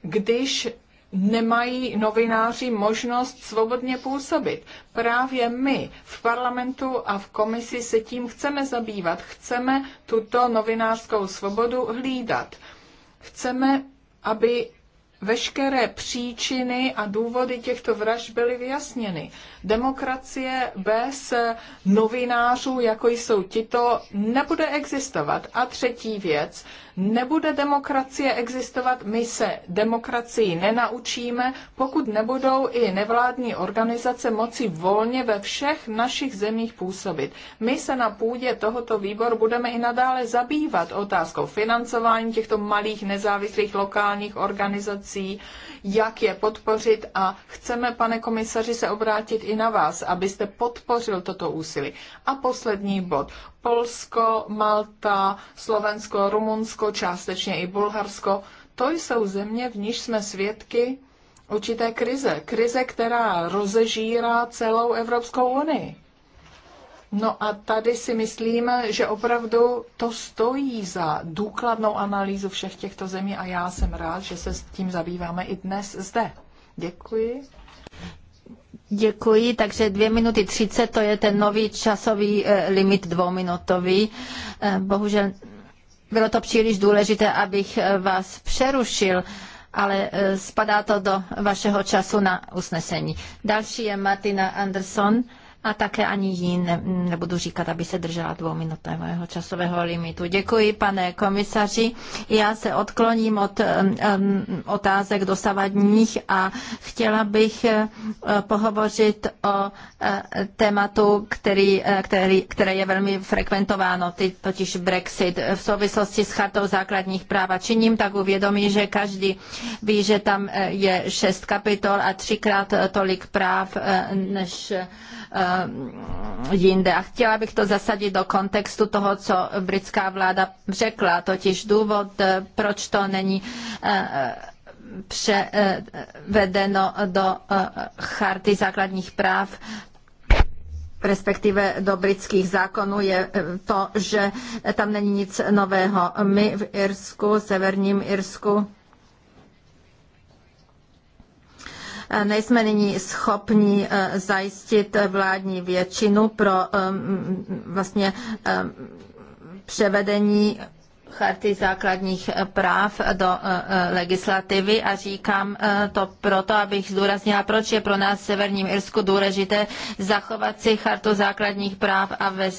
když nemají novináři možnost svobodně působit. Právě my v parlamentu a v komisi se tím chceme zabývat. Chceme tuto novinářskou svobodu hlídat. Chceme, aby veškeré příčiny a důvody těchto vražd byly vyjasněny. Demokracie bez novinářů, jako jsou tito, nebude existovat. A třetí věc, Nebude demokracie existovat, my se demokracii nenaučíme, pokud nebudou i nevládní organizace moci volně ve všech našich zemích působit. My se na půdě tohoto výboru budeme i nadále zabývat otázkou financování těchto malých nezávislých lokálních organizací, jak je podpořit a chceme, pane komisaři, se obrátit i na vás, abyste podpořil toto úsilí. A poslední bod. Polsko, Malta, Slovensko, Rumunsko, částečně i Bulharsko. To jsou země, v níž jsme svědky určité krize. Krize, která rozežírá celou Evropskou unii. No a tady si myslím, že opravdu to stojí za důkladnou analýzu všech těchto zemí a já jsem rád, že se s tím zabýváme i dnes zde. Děkuji. Děkuji, takže dvě minuty třicet, to je ten nový časový eh, limit dvouminutový. Eh, bohužel bylo to příliš důležité, abych eh, vás přerušil, ale spadá to do vašeho času na usnesení. Další je Martina Anderson a také ani jí ne, nebudu říkat, aby se držela dvouminutového časového limitu. Děkuji, pane komisaři. Já se odkloním od um, otázek dosavadních a chtěla bych uh, pohovořit o uh, tématu, který, uh, který, které je velmi frekventováno, ty, totiž Brexit. V souvislosti s chartou základních práv a činím tak uvědomí, že každý ví, že tam je šest kapitol a třikrát tolik práv, uh, než uh, Eh, jinde. A chtěla bych to zasadit do kontextu toho, co britská vláda řekla, totiž důvod, eh, proč to není eh, převedeno do charty základních práv, respektive do britských zákonů, je to, že tam není nic nového. My v Irsku, severním Irsku, Eh, nejsme nyní schopni eh, zajistit eh, vládní většinu pro vlastně převedení charty základních práv do eh, eh, legislativy a říkám eh, to proto, abych zdůraznila, proč je pro nás v Severním Irsku důležité zachovat si chartu základních práv a ve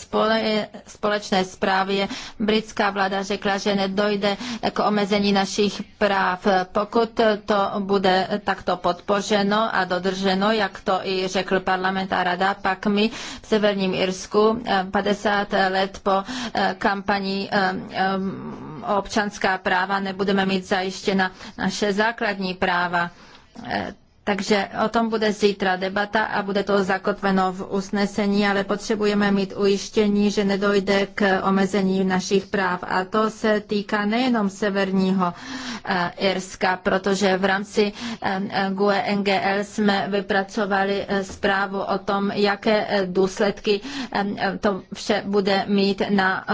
společné zprávě britská vláda řekla, že nedojde k omezení našich práv. Pokud to bude takto podpořeno a dodrženo, jak to i řekl parlament a rada, pak my v Severním Irsku 50 let po kampani občanská práva, nebudeme mít zajištěna naše základní práva eh, takže o tom bude zítra debata a bude to zakotveno v usnesení, ale potřebujeme mít ujištění, že nedojde k omezení našich práv. A to se týká nejenom severního eh, Irska, protože v rámci eh, GUE NGL jsme vypracovali eh, zprávu o tom, jaké důsledky to vše bude mít na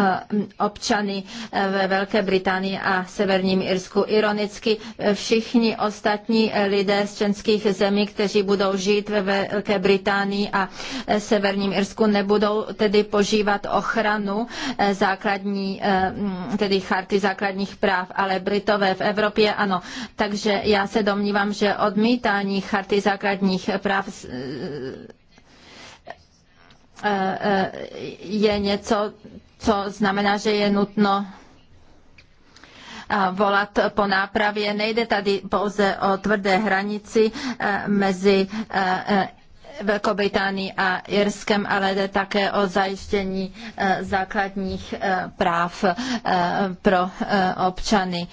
občany ve Velké Británii a severním Irsku. Ironicky všichni ostatní lidé z členských členských zemí, kteří budou žít ve Velké Británii a e, Severním Irsku, nebudou tedy požívat ochranu e, základní, e, tedy charty základních práv, ale Britové v Evropě ano. Takže já se domnívám, že odmítání charty základních práv je něco, co znamená, že je nutno volat po nápravě. Nejde tady pouze o tvrdé hranici e, mezi e, e, Velkou Británií a Irskem, ale jde také o zajištění základních práv pro občany.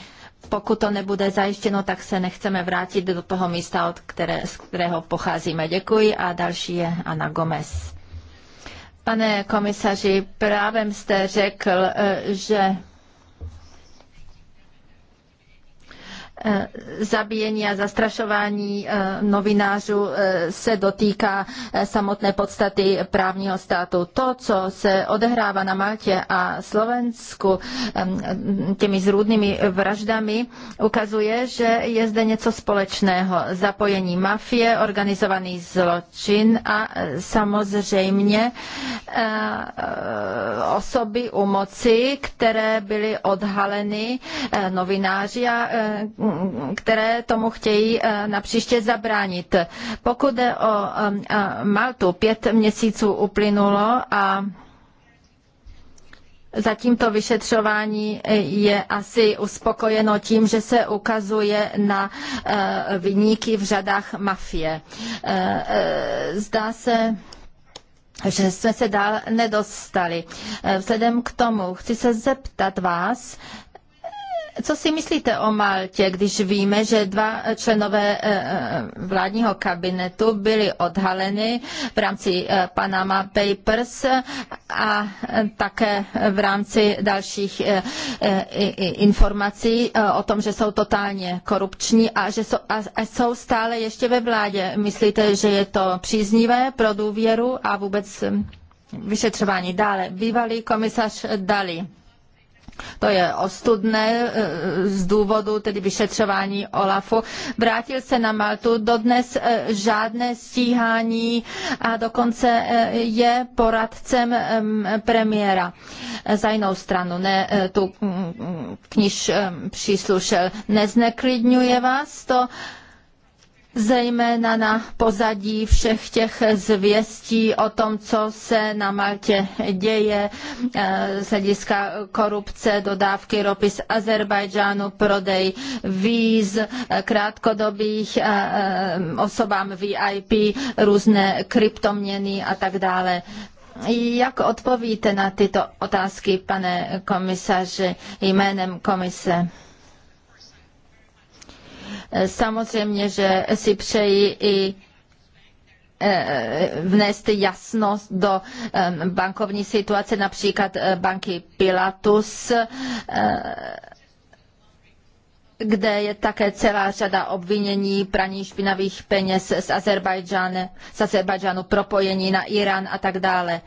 Pokud to nebude zajištěno, tak se nechceme vrátit do toho místa, od které, z kterého pocházíme. Děkuji a další je Ana Gomez. Pane komisaři, právě jste řekl, že Eh, zabíjení a zastrašování eh, novinářů eh, se dotýká samotné podstaty právního státu. To, co se odehrává na Maltě a Slovensku těmi zrůdnými vraždami, ukazuje, že je zde něco společného. Zapojení mafie, organizovaný zločin a samozřejmě osoby u moci, které byly odhaleny novináři a které tomu chtějí eh, napříště zabránit. Pokud jde o eh, eh, Maltu, pět měsíců uplynulo a Zatím to vyšetřování je asi uspokojeno tím, že se ukazuje na vyníky v řadách mafie. Zdá se, že jsme se dál nedostali. Vzhledem k tomu chci se zeptat vás, co si myslíte o Maltě, když víme, že dva členové eh, eh, vládního kabinetu byli odhaleni v rámci eh, Panama Papers a také v rámci dalších informací o tom, že jsou totálně korupční a že jsou, a jsou stále ještě ve vládě. Myslíte, že je to příznivé pro důvěru a vůbec hm, vyšetřování dále? Bývalý komisař Dali to je ostudné e, z důvodu tedy vyšetřování Olafu. Vrátil se na Maltu, dodnes e, žádné stíhání a dokonce e, je poradcem premiéra za jinou stranu, ne tu mm, mm, k níž příslušel. Nezneklidňuje vás to? zejména na pozadí všech těch zvěstí o tom, co se na Maltě děje eh, z hlediska korupce, dodávky ropy z Azerbajdžánu, prodej víz eh, krátkodobých eh, osobám VIP, různé kryptoměny a tak dále. Jak odpovíte na tyto otázky, pane komisaři, jménem komise? Eh, samozřejmě, že si přeji i eh, vnést jasnost do eh, bankovní situace, například banky Pilatus, kde je také celá řada obvinění praní špinavých peněz z Azerbajdžánu, z Azerbajdžánu propojení na Irán a tak dále.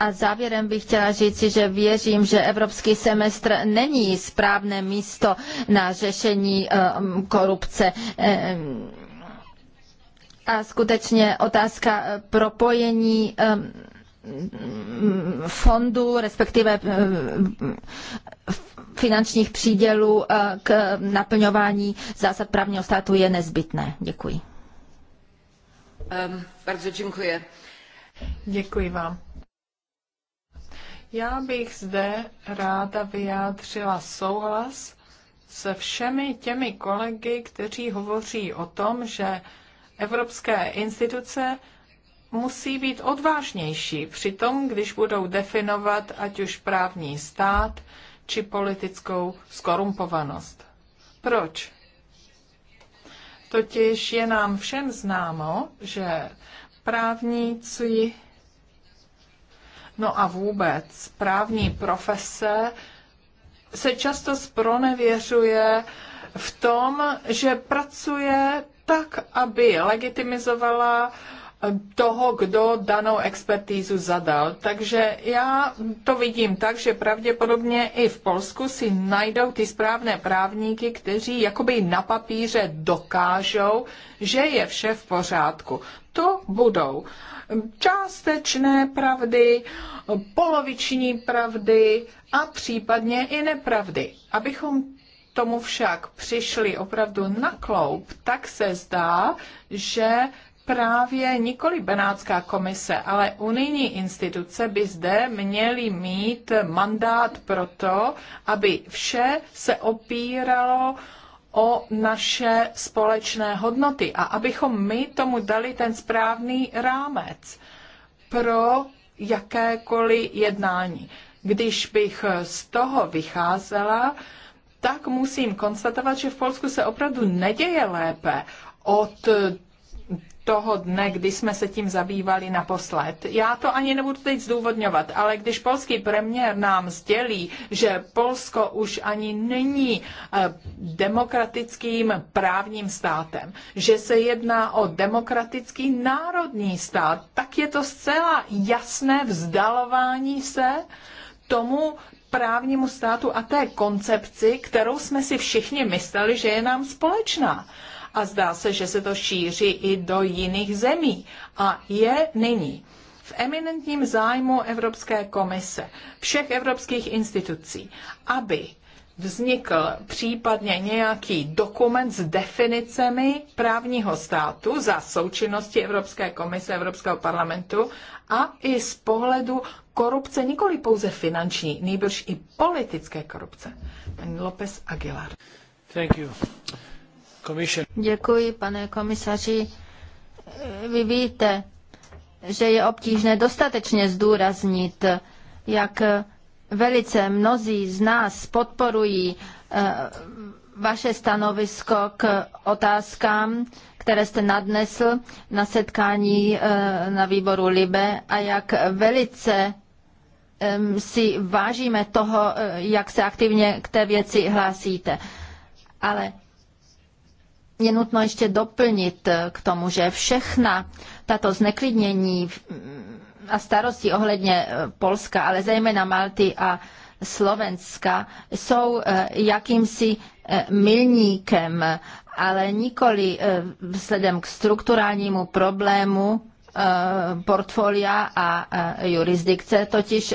A závěrem bych chtěla říci, že věřím, že evropský semestr není správné místo na řešení um, korupce. Um, a skutečně otázka eh, propojení um, fondů, respektive eh, finančních přídělů eh, k naplňování zásad právního státu je nezbytné. Děkuji. Um, bardzo Děkuji vám. Já bych zde ráda vyjádřila souhlas se všemi těmi kolegy, kteří hovoří o tom, že evropské instituce musí být odvážnější při tom, když budou definovat ať už právní stát či politickou skorumpovanost. Proč? Totiž je nám všem známo, že právníci No a vůbec právní profese se často spronevěřuje v tom, že pracuje tak, aby legitimizovala toho, kdo danou expertízu zadal. Takže já to vidím tak, že pravděpodobně i v Polsku si najdou ty správné právníky, kteří jakoby na papíře dokážou, že je vše v pořádku. To budou uh, částečné pravdy, poloviční pravdy a případně i nepravdy. Abychom tomu však přišli opravdu na kloup, tak se zdá, že právě nikoli Benátská komise, ale unijní instituce by zde měly mít mandát pro to, aby vše se opíralo o naše společné hodnoty a abychom my tomu dali ten správný rámec pro jakékoliv jednání. Když bych z toho vycházela, tak musím konstatovat, že v Polsku se opravdu neděje lépe od toho dne, kdy jsme se tím zabývali naposled. Já to ani nebudu teď zdůvodňovat, ale když polský premiér nám sdělí, že Polsko už ani není eh, demokratickým právním státem, že se jedná o demokratický národní stát, tak je to zcela jasné vzdalování se tomu právnímu státu a té koncepci, kterou jsme si všichni mysleli, že je nám společná a zdá se, že se to šíří i do jiných zemí. A je nyní v eminentním zájmu Evropské komise, všech evropských institucí, aby vznikl případně nějaký dokument s definicemi právního státu za součinnosti Evropské komise, Evropského parlamentu a i z pohledu korupce, nikoli pouze finanční, nejbrž i politické korupce. Pani López Aguilar. Thank you. Děkuji, pane komisaři. Vy víte, že je obtížné dostatečně zdůraznit, jak velice mnozí z nás podporují eh, vaše stanovisko k otázkám, které jste nadnesl na setkání eh, na výboru Libe a jak velice si vážíme toho, eh, jak se aktivně k té věci hlásíte. Ale je nutno ještě doplnit k tomu, že všechna tato zneklidnění a starosti ohledně eh, Polska, ale zejména Malty a Slovenska, jsou eh, jakýmsi eh, milníkem, ale nikoli vzhledem k strukturálnímu problému portfolia a jurisdikce, totiž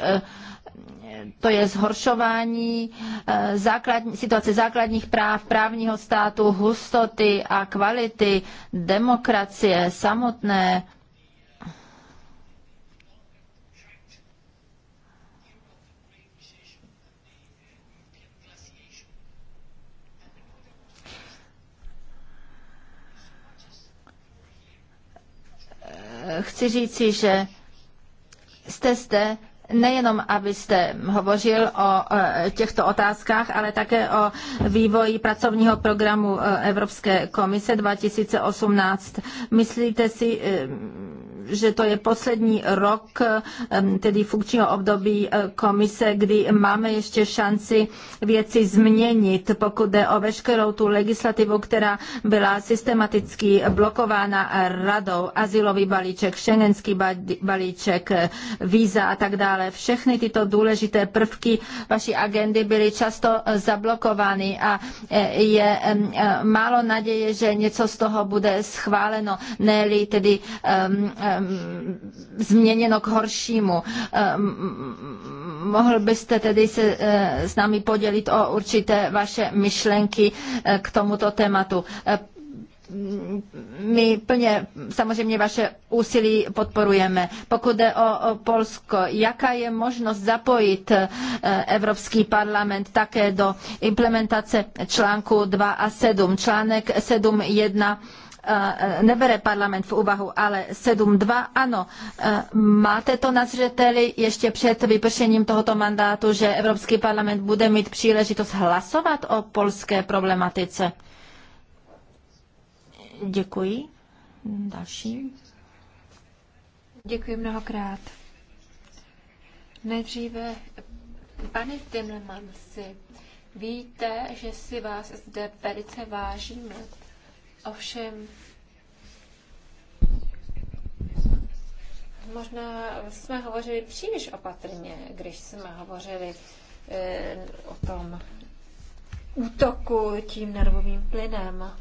to je zhoršování eh, základní, situace základních práv, právního státu, hustoty a kvality demokracie samotné. Eh, chci říci, že jste zde nejenom, abyste hovořil o e, těchto otázkách, ale také o vývoji pracovního programu e, Evropské komise 2018. Myslíte si, e, že to je poslední rok, tedy funkčního období eh, komise, kdy máme ještě šanci věci změnit, pokud jde o veškerou tu legislativu, která byla systematicky blokována radou, azylový balíček, šengenský balíček, víza a tak dále. Všechny tyto důležité prvky vaší agendy byly často zablokovány a eh, je eh, málo naděje, že něco z toho bude schváleno, ne-li tedy um, Ehm, změněno k horšímu. Ehm, mohl byste tedy se eh, s námi podělit o určité vaše myšlenky eh, k tomuto tématu? Ehm, my plně samozřejmě vaše úsilí podporujeme. Pokud jde o, Polsko, jaká je možnost zapojit eh, Evropský parlament také do implementace článku 2 a 7? Článek 7.1 Eh, nebere parlament v úvahu, ale 7.2 ano. Eh, máte to na zřeteli ještě před vypršením tohoto mandátu, že Evropský parlament bude mít příležitost hlasovat o polské problematice? Děkuji. Další. Děkuji mnohokrát. Nejdříve, pane Timmermansi, víte, že si vás zde velice vážíme Ovšem, možná jsme hovořili příliš opatrně, když jsme hovořili eh, o tom útoku tím nervovým plynem.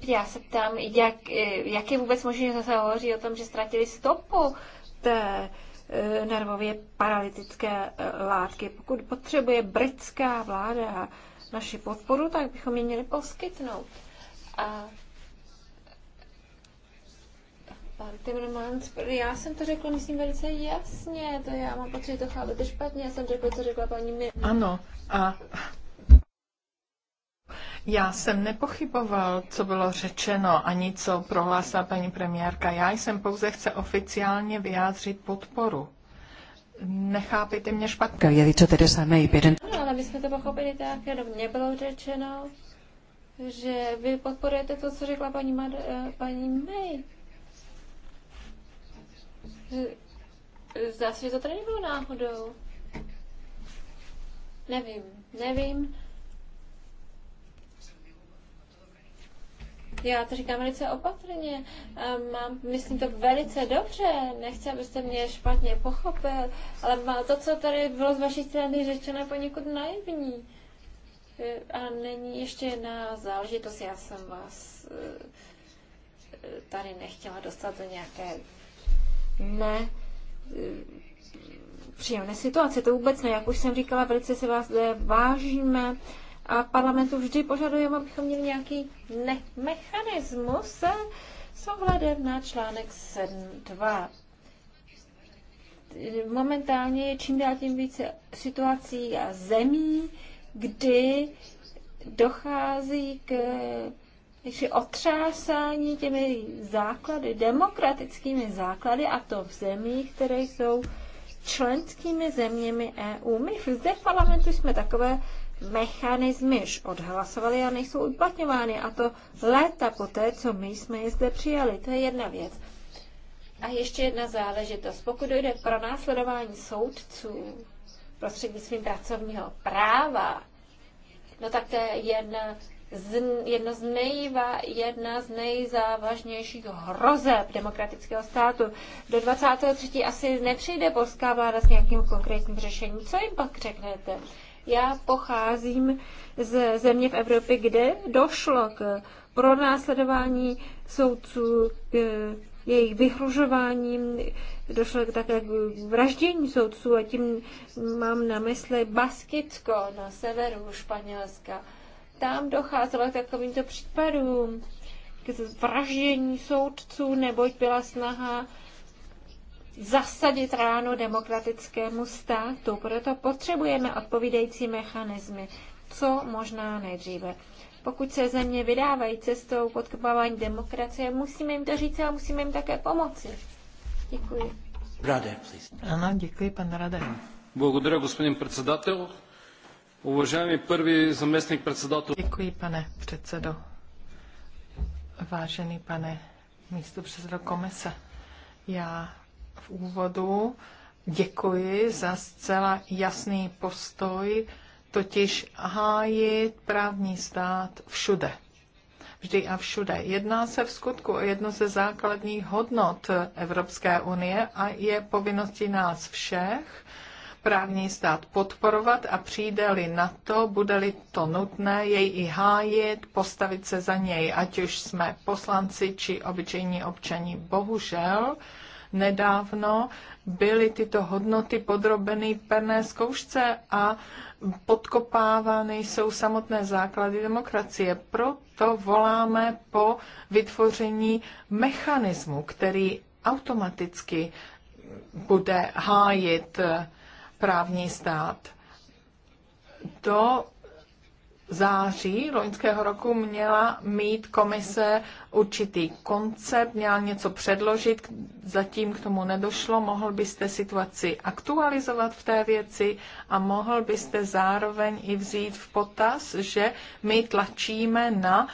Já se ptám, jak, eh, jak je vůbec možné, že se hovoří o tom, že ztratili stopu té Eh, nervově paralytické eh, látky. Pokud potřebuje britská vláda naši podporu, tak bychom ji měli poskytnout. A pan Timmermans, já jsem to řekla, myslím, velice jasně, to já mám pocit, to chápete špatně, já jsem řekla, co řekla paní Mir. Ano, a já jsem nepochyboval, co bylo řečeno, ani co prohlásila paní premiérka. Já jsem pouze chce oficiálně vyjádřit podporu. Nechápejte mě špatně. Je to Teresa May, jeden. No, ale my jsme to pochopili tak, jenom mě bylo řečeno, že vy podporujete to, co řekla paní, Mar- eh, paní May. Zdá se, že to tady nebylo náhodou. Nevím, nevím. Já to říkám velice opatrně. Mám, myslím to velice dobře. Nechci, abyste mě špatně pochopil, ale to, co tady bylo z vaší strany řečeno, poněkud naivní. E, a není ještě jedna záležitost. Já jsem vás e, tady nechtěla dostat do nějaké ne e, příjemné situace. To vůbec ne. Jak už jsem říkala, velice se vás vážíme a parlamentu vždy požadujeme, abychom měli nějaký ne- mechanismus eh, s ohledem na článek 7.2. Momentálně je čím dál tím více situací a zemí, kdy dochází k eh, ještě otřásání těmi základy, demokratickými základy a to v zemích, které jsou členskými zeměmi EU. My zde v parlamentu jsme takové mechanizmy již odhlasovaly a nejsou uplatňovány. A to léta poté, co my jsme je zde přijali. To je jedna věc. A ještě jedna záležitost. Pokud dojde k pronásledování soudců prostřednictvím pracovního práva, no tak to je jedna z, jedno z nejva, jedna z nejzávažnějších hrozeb demokratického státu. Do 23. asi nepřijde polská vláda s nějakým konkrétním řešením. Co jim pak řeknete? Já pocházím z země v Evropě, kde došlo k pronásledování soudců, k jejich vyhružováním, došlo také k vraždění soudců a tím mám na mysli Baskicko na severu Španělska. Tam docházelo k takovýmto případům, k vraždění soudců, neboť byla snaha zasadit ráno demokratickému státu. Proto potřebujeme odpovídající mechanismy, co možná nejdříve. Pokud se země vydávají cestou podkopávání demokracie, musíme jim to říct a musíme jim také pomoci. Děkuji. Rade, Ano, děkuji, pan Rade. Благодаря, господин председател. Уважаеми първи заместник председател. Děkuji, pane předsedo. Vážený pane místo předsedo komise, já v úvodu. Děkuji za zcela jasný postoj, totiž hájit právní stát všude. Vždy a všude. Jedná se v skutku o jedno ze základních hodnot Evropské unie a je povinností nás všech právní stát podporovat a přijde-li na to, bude-li to nutné, jej i hájit, postavit se za něj, ať už jsme poslanci či obyčejní občani. Bohužel, nedávno byly tyto hodnoty podrobeny perné zkoušce a podkopávány jsou samotné základy demokracie. Proto voláme po vytvoření mechanismu, který automaticky bude hájit právní stát. To září loňského roku měla mít komise určitý koncept, měla něco předložit, zatím k tomu nedošlo, mohl byste situaci aktualizovat v té věci a mohl byste zároveň i vzít v potaz, že my tlačíme na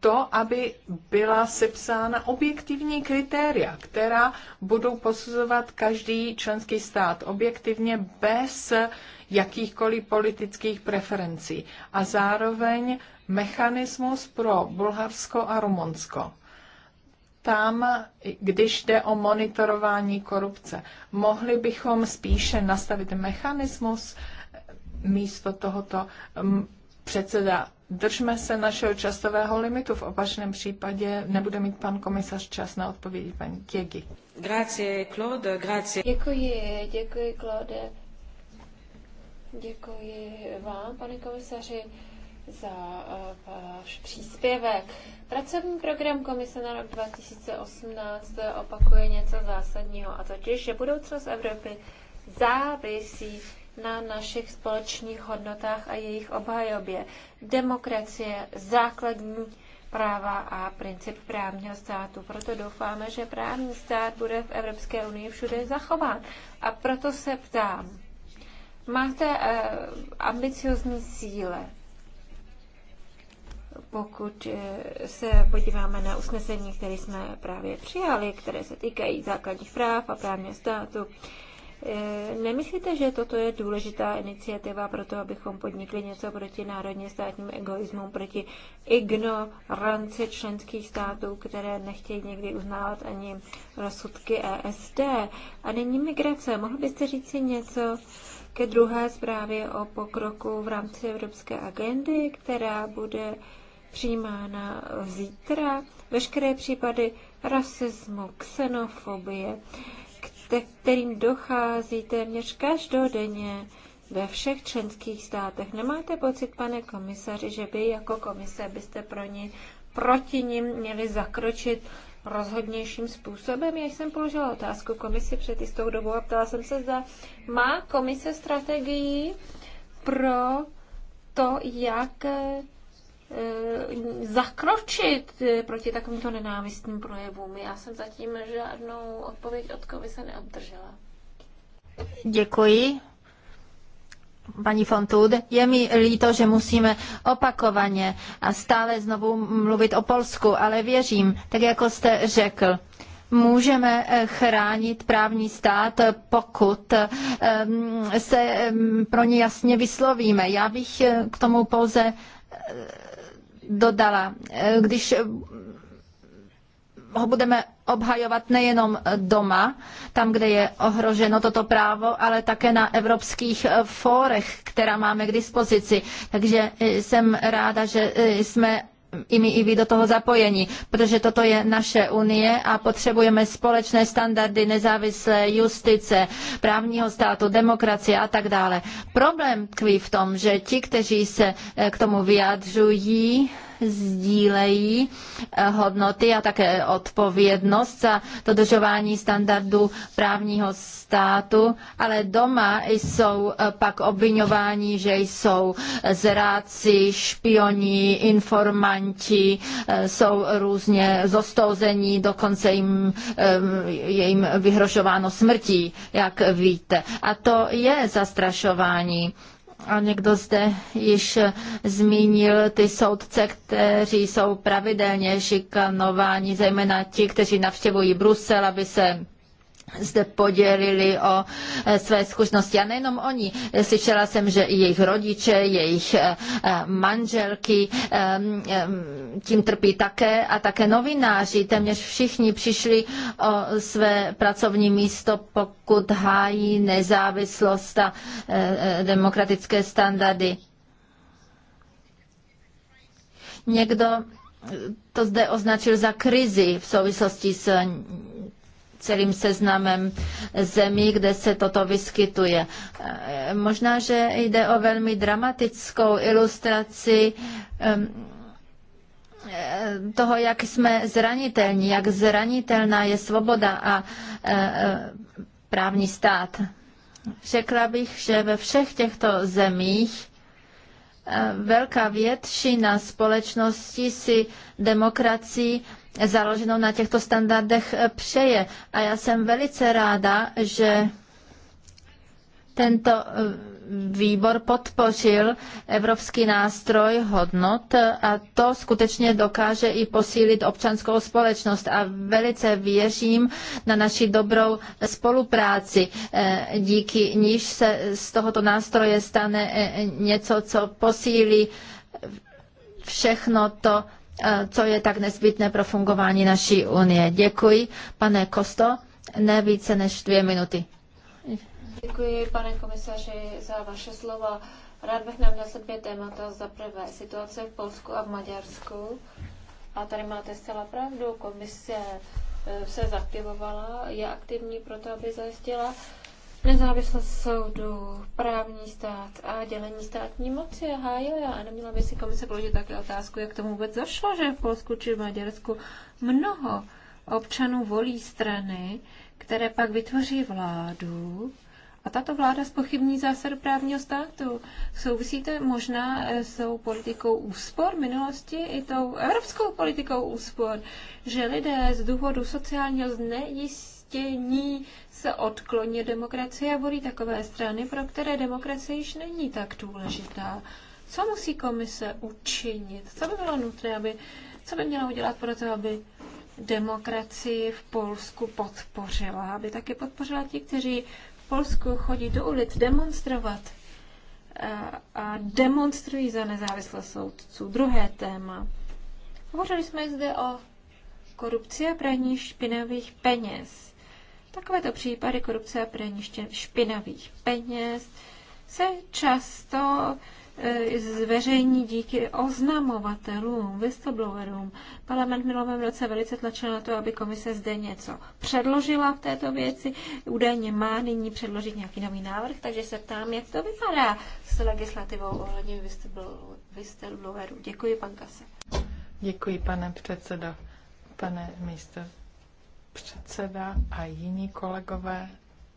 to, aby byla sepsána objektivní kritéria, která budou posuzovat každý členský stát objektivně bez jakýchkoliv politických preferencí a zároveň mechanismus pro Bulharsko a Rumunsko. Tam, když jde o monitorování korupce, mohli bychom spíše nastavit mechanismus místo tohoto předseda držme se našeho časového limitu. V opačném případě nebude mít pan komisař čas na odpovědi paní Kiegi. Grazie, Claude, grazie. Děkuji, děkuji, Claude. Děkuji vám, pane komisaři, za eh, váš příspěvek. Pracovní program Komise na rok 2018 opakuje něco zásadního, a totiž, že budoucnost Evropy závisí na našich společných hodnotách a jejich obhajobě. Demokracie, základní práva a princip právního státu. Proto doufáme, že právní stát bude v Evropské unii všude zachován. A proto se ptám, máte eh, ambiciozní síle. Pokud eh, se podíváme na usnesení, které jsme právě přijali, které se týkají základních práv a právního státu, eh, Nemyslíte, že toto je důležitá iniciativa pro to, abychom podnikli něco proti národně státním egoismům, proti ignoranci členských států, které nechtějí někdy uznávat ani rozsudky ESD? A nyní migrace. Mohl byste říct si něco ke druhé zprávě o pokroku v rámci Evropské agendy, která bude přijímána zítra. Veškeré případy rasismu, xenofobie, kterým dochází téměř každodenně ve všech členských státech. Nemáte pocit, pane komisaři, že by jako komise byste pro ně proti ním měli zakročit rozhodnějším způsobem. Já jsem položila otázku komisi před jistou dobou a ptala jsem se, zda má komise strategii pro to, jak eh, zakročit eh, proti takovýmto nenávistným projevům. Já jsem zatím žádnou odpověď od komise neobdržela. Děkuji paní Fontud, je mi líto, že musíme opakovaně a stále znovu mluvit o Polsku, ale věřím, tak jako jste řekl, můžeme eh, chránit právní stát, pokud eh, mm, se eh, pro ně jasně vyslovíme. Já bych k tomu pouze dodala, když ho budeme obhajovat nejenom doma, tam, kde je ohroženo toto právo, ale také na evropských eh, fórech, která máme k dispozici. Takže eh, jsem ráda, že eh, jsme i my, i vy do toho zapojení, protože toto je naše unie a potřebujeme společné standardy nezávislé justice, právního státu, demokracie a tak dále. Problém tkví v tom, že ti, kteří se k tomu vyjadřují, sdílejí eh, hodnoty a také odpovědnost za dodržování standardů právního státu, ale doma jsou eh, pak obvinováni, že jsou zráci, špioni, informanti, eh, jsou různě zostouzení, dokonce jim, je jim vyhrožováno smrtí, jak víte. A to je zastrašování a někdo zde již zmínil ty soudce, kteří jsou pravidelně šikanováni, zejména ti, kteří navštěvují Brusel, aby se zde podělili o eh, své zkušenosti. A nejenom oni, slyšela jsem, že i jejich rodiče, jejich eh, eh, manželky ehm, ehm, tím trpí také a také novináři. Téměř všichni přišli o své pracovní místo, pokud hájí nezávislost a demokratické standardy. Někdo to zde označil za krizi v souvislosti s celým seznamem zemí, kde se toto vyskytuje. Eh, možná, že jde o velmi dramatickou ilustraci ehm, eh, toho, jak jsme zranitelní, jak zranitelná je svoboda a eh, právní stát. Řekla bych, že ve všech těchto zemích velká většina společnosti si demokracii založenou na těchto standardech eh, přeje. A já jsem velice ráda, že tento eh, výbor podpořil evropský nástroj hodnot a to skutečně dokáže i posílit občanskou společnost a velice věřím na naši dobrou spolupráci. Eh, díky níž se z tohoto nástroje stane něco, co posílí všechno to, Eh, co je tak nezbytné pro fungování naší unie. Děkuji, pane Kosto, ne více než dvě minuty. Děkuji, pane komisaři, za vaše slova. Rád bych nám dnes dvě témata. Za prvé situace v Polsku a v Maďarsku. A tady máte zcela pravdu, komise eh, se zaktivovala, je aktivní proto, aby zajistila nezávislost soudu, právní stát a dělení státní moci a hájili. A neměla by si komise položit také otázku, jak tomu vůbec zašlo, že v Polsku či v Maďarsku mnoho občanů volí strany, které pak vytvoří vládu, a tato vláda spochybní zásadu právního státu. Souvisí to možná eh, s tou politikou úspor minulosti i tou evropskou politikou úspor, že lidé z důvodu sociálního znejistí chtění se odklonit demokracie a volí takové strany, pro které demokracie již není tak důležitá. Co musí komise učinit? Co by bylo nutné, aby, co by měla udělat pro to, aby demokracii v Polsku podpořila, aby taky podpořila ti, kteří v Polsku chodí do ulic demonstrovat a, eh, a demonstrují za nezávislost soudců. Druhé téma. Hovořili jsme zde o korupci a praní špinavých peněz. Takovéto případy korupce a praní špinavých peněz se často e, zveřejní díky oznamovatelům, whistleblowerům. Parlament v minulém roce velice tlačil na to, aby komise zde něco předložila v této věci. Údajně má nyní předložit nějaký nový návrh, takže se ptám, jak to vypadá s legislativou ohledně whistleblowerů. Děkuji, pan Kase. Děkuji, pane předsedo, pane místo předseda a jiní kolegové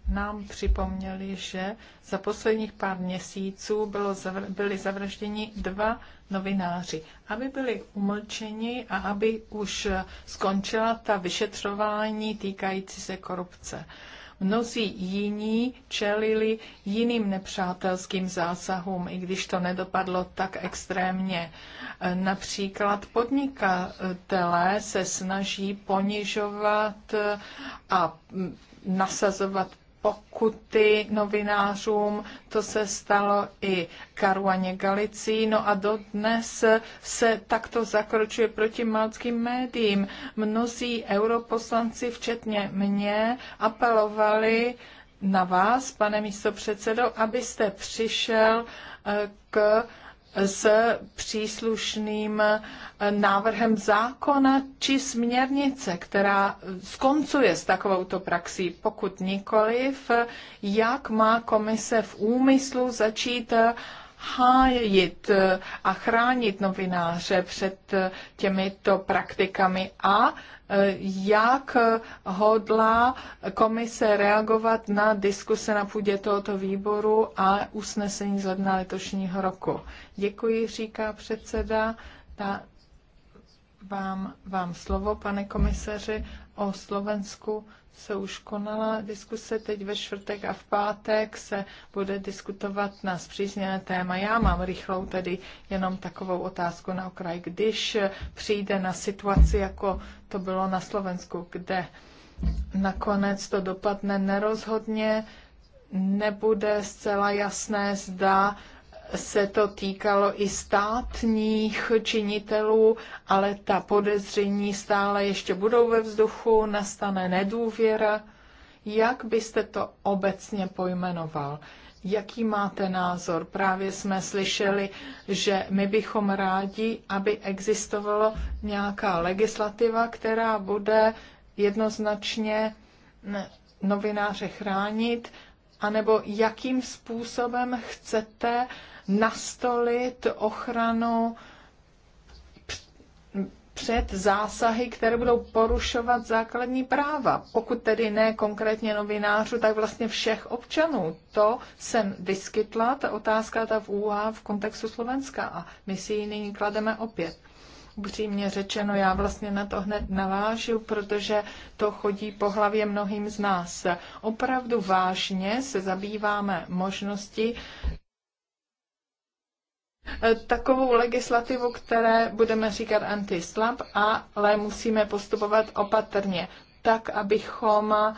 nám připomněli, že za posledních pár měsíců bylo zavr- byli zavražděni dva novináři. Aby byli umlčeni a aby už skončila ta vyšetřování týkající se korupce. Mnozí jiní čelili jiným nepřátelským zásahům, i když to nedopadlo tak extrémně. Například podnikatelé se snaží ponižovat a nasazovat pokuty novinářům, to se stalo i Karuaně Galicí, no a dodnes se takto zakročuje proti malckým médiím. Mnozí europoslanci, včetně mě, apelovali na vás, pane místopředsedo, abyste přišel eh, k s příslušným eh, návrhem zákona či směrnice, která skoncuje s takovouto praxí. Pokud nikoliv, jak má komise v úmyslu začít eh, hájit eh, a chránit novináře před těmito praktikami a jak hodlá komise reagovat na diskuse na půdě tohoto výboru a usnesení z ledna letošního roku. Děkuji, říká předseda. Ta vám, vám slovo, pane komisaři, O Slovensku se už konala diskuse, teď ve čtvrtek a v pátek se bude diskutovat na zpřízněné téma. Já mám rychlou tedy jenom takovou otázku na okraj. Když přijde na situaci, jako to bylo na Slovensku, kde nakonec to dopadne nerozhodně, nebude zcela jasné, zda se to týkalo i státních činitelů, ale ta podezření stále ještě budou ve vzduchu, nastane nedůvěra. Jak byste to obecně pojmenoval? Jaký máte názor? Právě jsme slyšeli, že my bychom rádi, aby existovala nějaká legislativa, která bude jednoznačně novináře chránit, anebo jakým způsobem chcete nastolit ochranu před zásahy, které budou porušovat základní práva. Pokud tedy ne konkrétně novinářů, tak vlastně všech občanů. To jsem vyskytla, ta otázka, ta v úha v kontextu Slovenska a my si ji nyní klademe opět. Upřímně řečeno, já vlastně na to hned navážu, protože to chodí po hlavě mnohým z nás. Opravdu vážně se zabýváme možnosti Eh, takovou legislativu, které budeme říkat antislab, ale musíme postupovat opatrně, tak abychom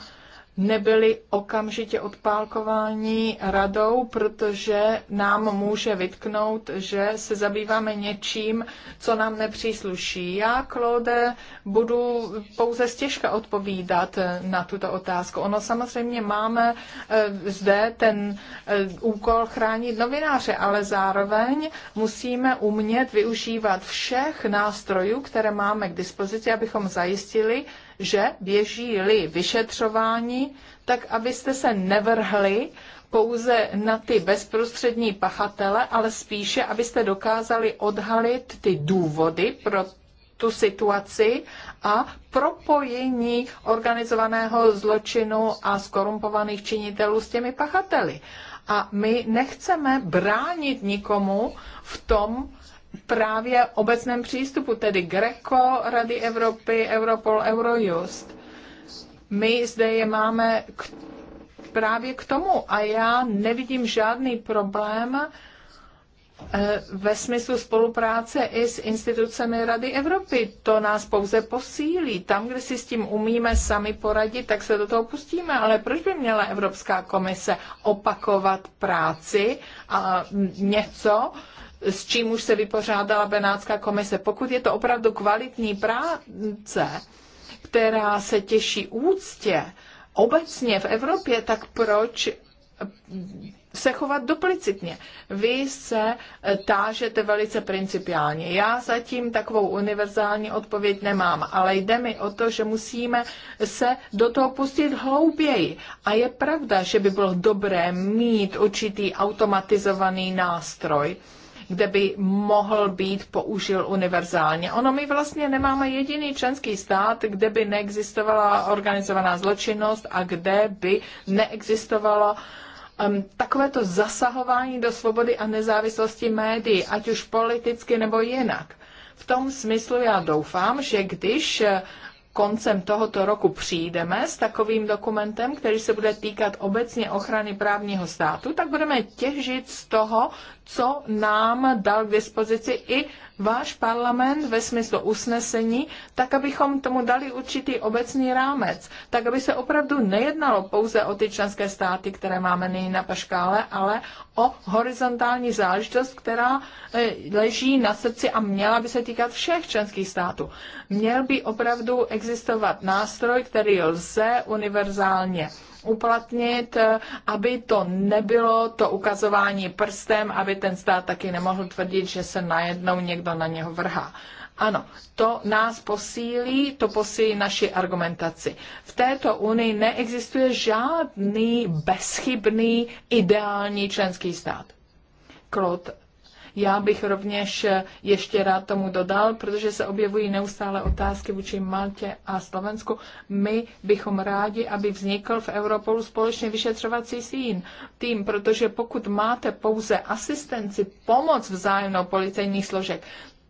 nebyli okamžitě odpálkováni radou, protože nám může vytknout, že se zabýváme něčím, co nám nepřísluší. Já, Claude, budu pouze stěžka odpovídat na tuto otázku. Ono samozřejmě máme eh, zde ten eh, úkol chránit novináře, ale zároveň musíme umět využívat všech nástrojů, které máme k dispozici, abychom zajistili, že běží-li vyšetřování, tak abyste se nevrhli pouze na ty bezprostřední pachatele, ale spíše, abyste dokázali odhalit ty důvody pro tu situaci a propojení organizovaného zločinu a skorumpovaných činitelů s těmi pachateli. A my nechceme bránit nikomu v tom, právě obecném přístupu, tedy Greco, Rady Evropy, Europol, Eurojust. My zde je máme k, právě k tomu a já nevidím žádný problém eh, ve smyslu spolupráce i s institucemi Rady Evropy. To nás pouze posílí. Tam, kde si s tím umíme sami poradit, tak se do toho pustíme. Ale proč by měla Evropská komise opakovat práci a něco, s čím už se vypořádala Benátská komise. Pokud je to opravdu kvalitní práce, která se těší úctě obecně v Evropě, tak proč se chovat duplicitně. Vy se tážete velice principiálně. Já zatím takovou univerzální odpověď nemám, ale jde mi o to, že musíme se do toho pustit hlouběji. A je pravda, že by bylo dobré mít určitý automatizovaný nástroj, kde by mohl být použil univerzálně. Ono my vlastně nemáme jediný členský stát, kde by neexistovala organizovaná zločinnost a kde by neexistovalo um, takovéto zasahování do svobody a nezávislosti médií, ať už politicky nebo jinak. V tom smyslu já doufám, že když eh, koncem tohoto roku přijdeme s takovým dokumentem, který se bude týkat obecně ochrany právního státu, tak budeme těžit z toho, co nám dal k dispozici i váš parlament ve smyslu usnesení, tak abychom tomu dali určitý obecný rámec, tak aby se opravdu nejednalo pouze o ty členské státy, které máme nyní na paškále, ale o horizontální záležitost, která e, leží na srdci a měla by se týkat všech členských států. Měl by opravdu existovat nástroj, který lze univerzálně uplatnit, eh, aby to nebylo to ukazování prstem, aby ten stát taky nemohl tvrdit, že se najednou někdo na něho vrhá. Ano, to nás posílí, to posílí naši argumentaci. V této unii neexistuje žádný bezchybný ideální členský stát. Claude já bych rovněž ještě rád tomu dodal, protože se objevují neustále otázky vůči Maltě a Slovensku. My bychom rádi, aby vznikl v Europolu společně vyšetřovací sín, tým, protože pokud máte pouze asistenci, pomoc vzájemnou policejních složek,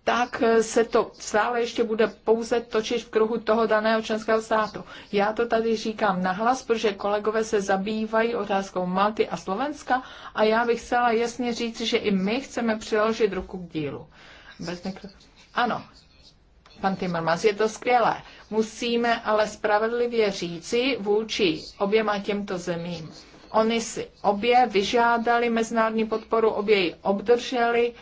tak se to stále ještě bude pouze točit v kruhu toho daného členského státu. Já to tady říkám nahlas, protože kolegové se zabývají otázkou Malty a Slovenska a já bych chtěla jasně říct, že i my chceme přiložit ruku k dílu. Bez mikro... Ano, pan Timmermans, je to skvělé. Musíme ale spravedlivě říci vůči oběma těmto zemím. Oni si obě vyžádali mezinárodní podporu, obě ji obdrželi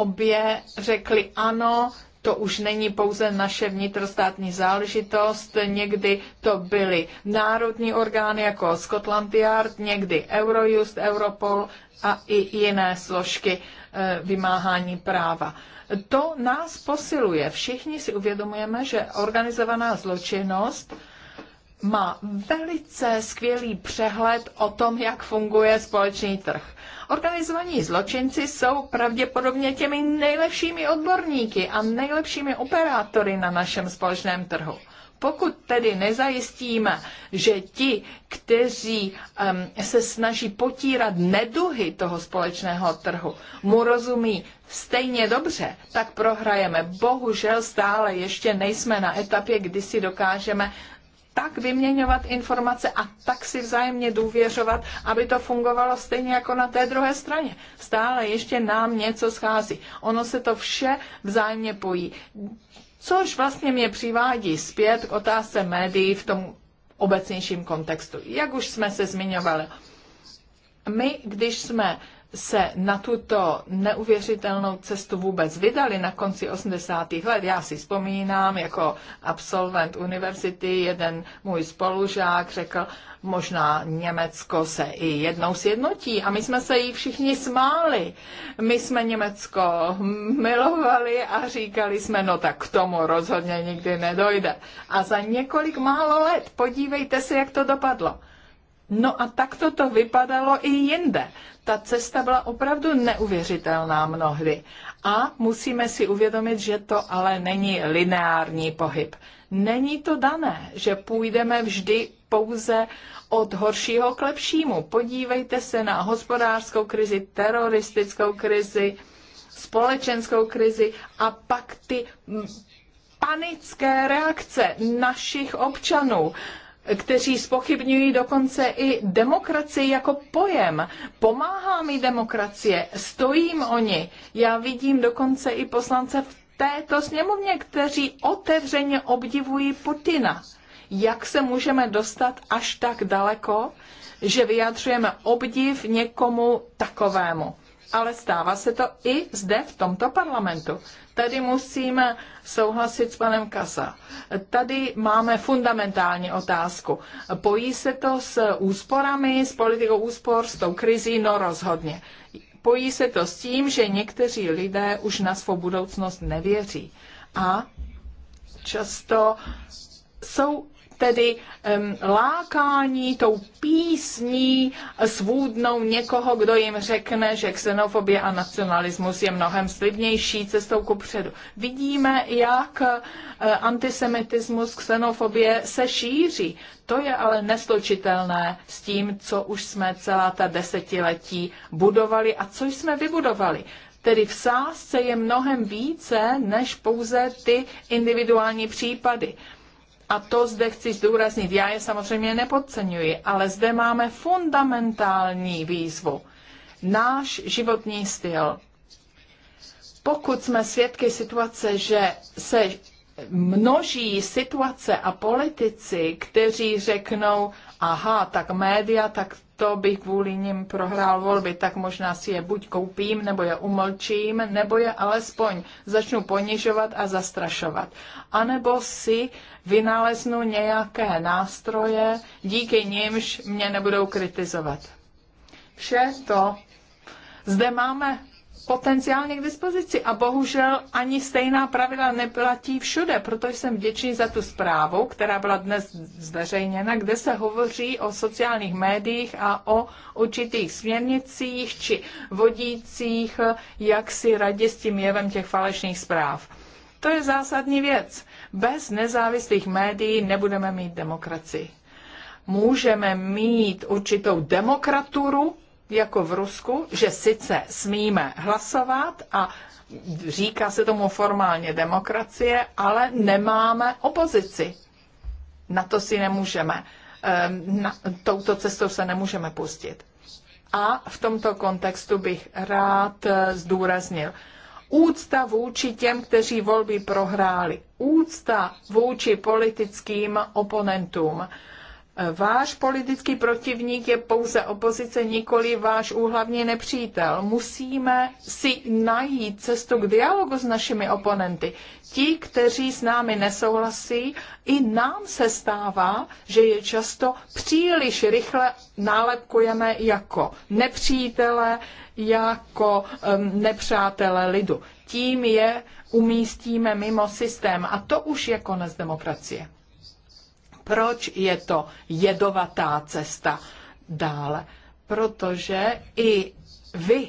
obě řekli ano, to už není pouze naše vnitrostátní záležitost, někdy to byly národní orgány jako Scotland Yard, někdy Eurojust, Europol a i jiné složky eh, vymáhání práva. To nás posiluje. Všichni si uvědomujeme, že organizovaná zločinnost má velice skvělý přehled o tom, jak funguje společný trh. Organizovaní zločinci jsou pravděpodobně těmi nejlepšími odborníky a nejlepšími operátory na našem společném trhu. Pokud tedy nezajistíme, že ti, kteří um, se snaží potírat neduhy toho společného trhu, mu rozumí stejně dobře, tak prohrajeme. Bohužel stále ještě nejsme na etapě, kdy si dokážeme tak vyměňovat informace a tak si vzájemně důvěřovat, aby to fungovalo stejně jako na té druhé straně. Stále ještě nám něco schází. Ono se to vše vzájemně pojí. Což vlastně mě přivádí zpět k otázce médií v tom obecnějším kontextu. Jak už jsme se zmiňovali, my, když jsme se na tuto neuvěřitelnou cestu vůbec vydali na konci 80. let. Já si vzpomínám, jako absolvent univerzity, jeden můj spolužák řekl, možná Německo se i jednou sjednotí. A my jsme se jí všichni smáli. My jsme Německo milovali a říkali jsme, no tak k tomu rozhodně nikdy nedojde. A za několik málo let, podívejte se, jak to dopadlo No a to to vypadalo i jinde. Ta cesta byla opravdu neuvěřitelná mnohdy. A musíme si uvědomit, že to ale není lineární pohyb. Není to dané, že půjdeme vždy pouze od horšího k lepšímu. Podívejte se na hospodářskou krizi, teroristickou krizi, společenskou krizi a pak ty panické reakce našich občanů kteří spochybňují dokonce i demokracii jako pojem. Pomáhá mi demokracie, stojím oni. Já vidím dokonce i poslance v této sněmovně, kteří otevřeně obdivují Putina. Jak se můžeme dostat až tak daleko, že vyjadřujeme obdiv někomu takovému? ale stává se to i zde v tomto parlamentu. Tady musíme souhlasit s panem Kasa. Tady máme fundamentální otázku. Pojí se to s úsporami, s politikou úspor, s tou krizí? No rozhodně. Pojí se to s tím, že někteří lidé už na svou budoucnost nevěří. A často jsou tedy um, lákání tou písní svůdnou někoho, kdo jim řekne, že xenofobie a nacionalismus je mnohem slibnější cestou ku předu. Vidíme, jak eh, antisemitismus, xenofobie se šíří. To je ale neslučitelné s tím, co už jsme celá ta desetiletí budovali a co jsme vybudovali. Tedy v sásce je mnohem více než pouze ty individuální případy a to zde chci zdůraznit, já je samozřejmě nepodceňuji, ale zde máme fundamentální výzvu. Náš životní styl. Pokud jsme svědky situace, že se množí situace a politici, kteří řeknou, aha, tak média, tak to bych kvůli nim prohrál volby, tak možná si je buď koupím, nebo je umlčím, nebo je alespoň začnu ponižovat a zastrašovat. A nebo si vynaleznu nějaké nástroje, díky nimž mě nebudou kritizovat. Vše to. Zde máme potenciálně k dispozici a bohužel ani stejná pravidla neplatí všude, proto jsem vděčný za tu zprávu, která byla dnes zveřejněna, kde se hovoří o sociálních médiích a o určitých směrnicích či vodících, jak si radě s tím jevem těch falešných zpráv. To je zásadní věc. Bez nezávislých médií nebudeme mít demokracii. Můžeme mít určitou demokraturu, jako v Rusku, že sice smíme hlasovat a říká se tomu formálně demokracie, ale nemáme opozici. Na to si nemůžeme, ehm, na, touto cestou se nemůžeme pustit. A v tomto kontextu bych rád eh, zdůraznil. Úcta vůči těm, kteří volby prohráli. Úcta vůči politickým oponentům Váš politický protivník je pouze opozice, nikoli váš úhlavní nepřítel. Musíme si najít cestu k dialogu s našimi oponenty. Ti, kteří s námi nesouhlasí, i nám se stává, že je často příliš rychle nálepkujeme jako nepřítele, jako um, nepřátele lidu. Tím je umístíme mimo systém a to už je konec demokracie. Proč je to jedovatá cesta dále? Protože i vy,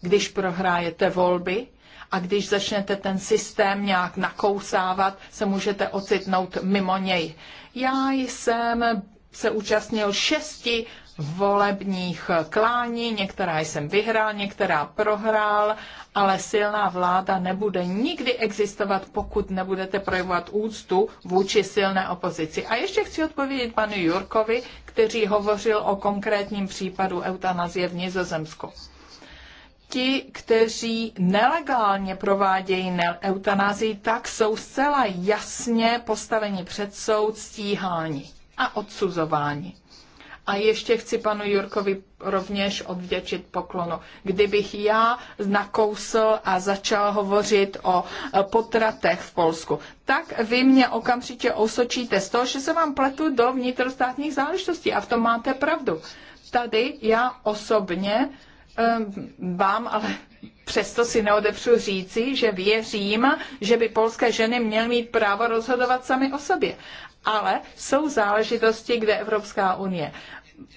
když prohrájete volby, a když začnete ten systém nějak nakousávat, se můžete ocitnout mimo něj. Já jsem se účastnil šesti volebních klání, některá jsem vyhrál, některá prohrál, ale silná vláda nebude nikdy existovat, pokud nebudete projevovat úctu vůči silné opozici. A ještě chci odpovědět panu Jurkovi, který hovořil o konkrétním případu eutanazie v Nizozemsku. Ti, kteří nelegálně provádějí eutanazii, tak jsou zcela jasně postaveni před soud, stíháni a odsuzováni a ještě chci panu Jurkovi rovněž odvděčit poklonu. Kdybych já nakousl a začal hovořit o e, potratech v Polsku, tak vy mě okamžitě osočíte z toho, že se vám pletu do vnitrostátních záležitostí. A v tom máte pravdu. Tady já osobně vám ale přesto si neodepřu říci, že věřím, že by polské ženy měly mít právo rozhodovat sami o sobě ale jsou záležitosti, kde Evropská unie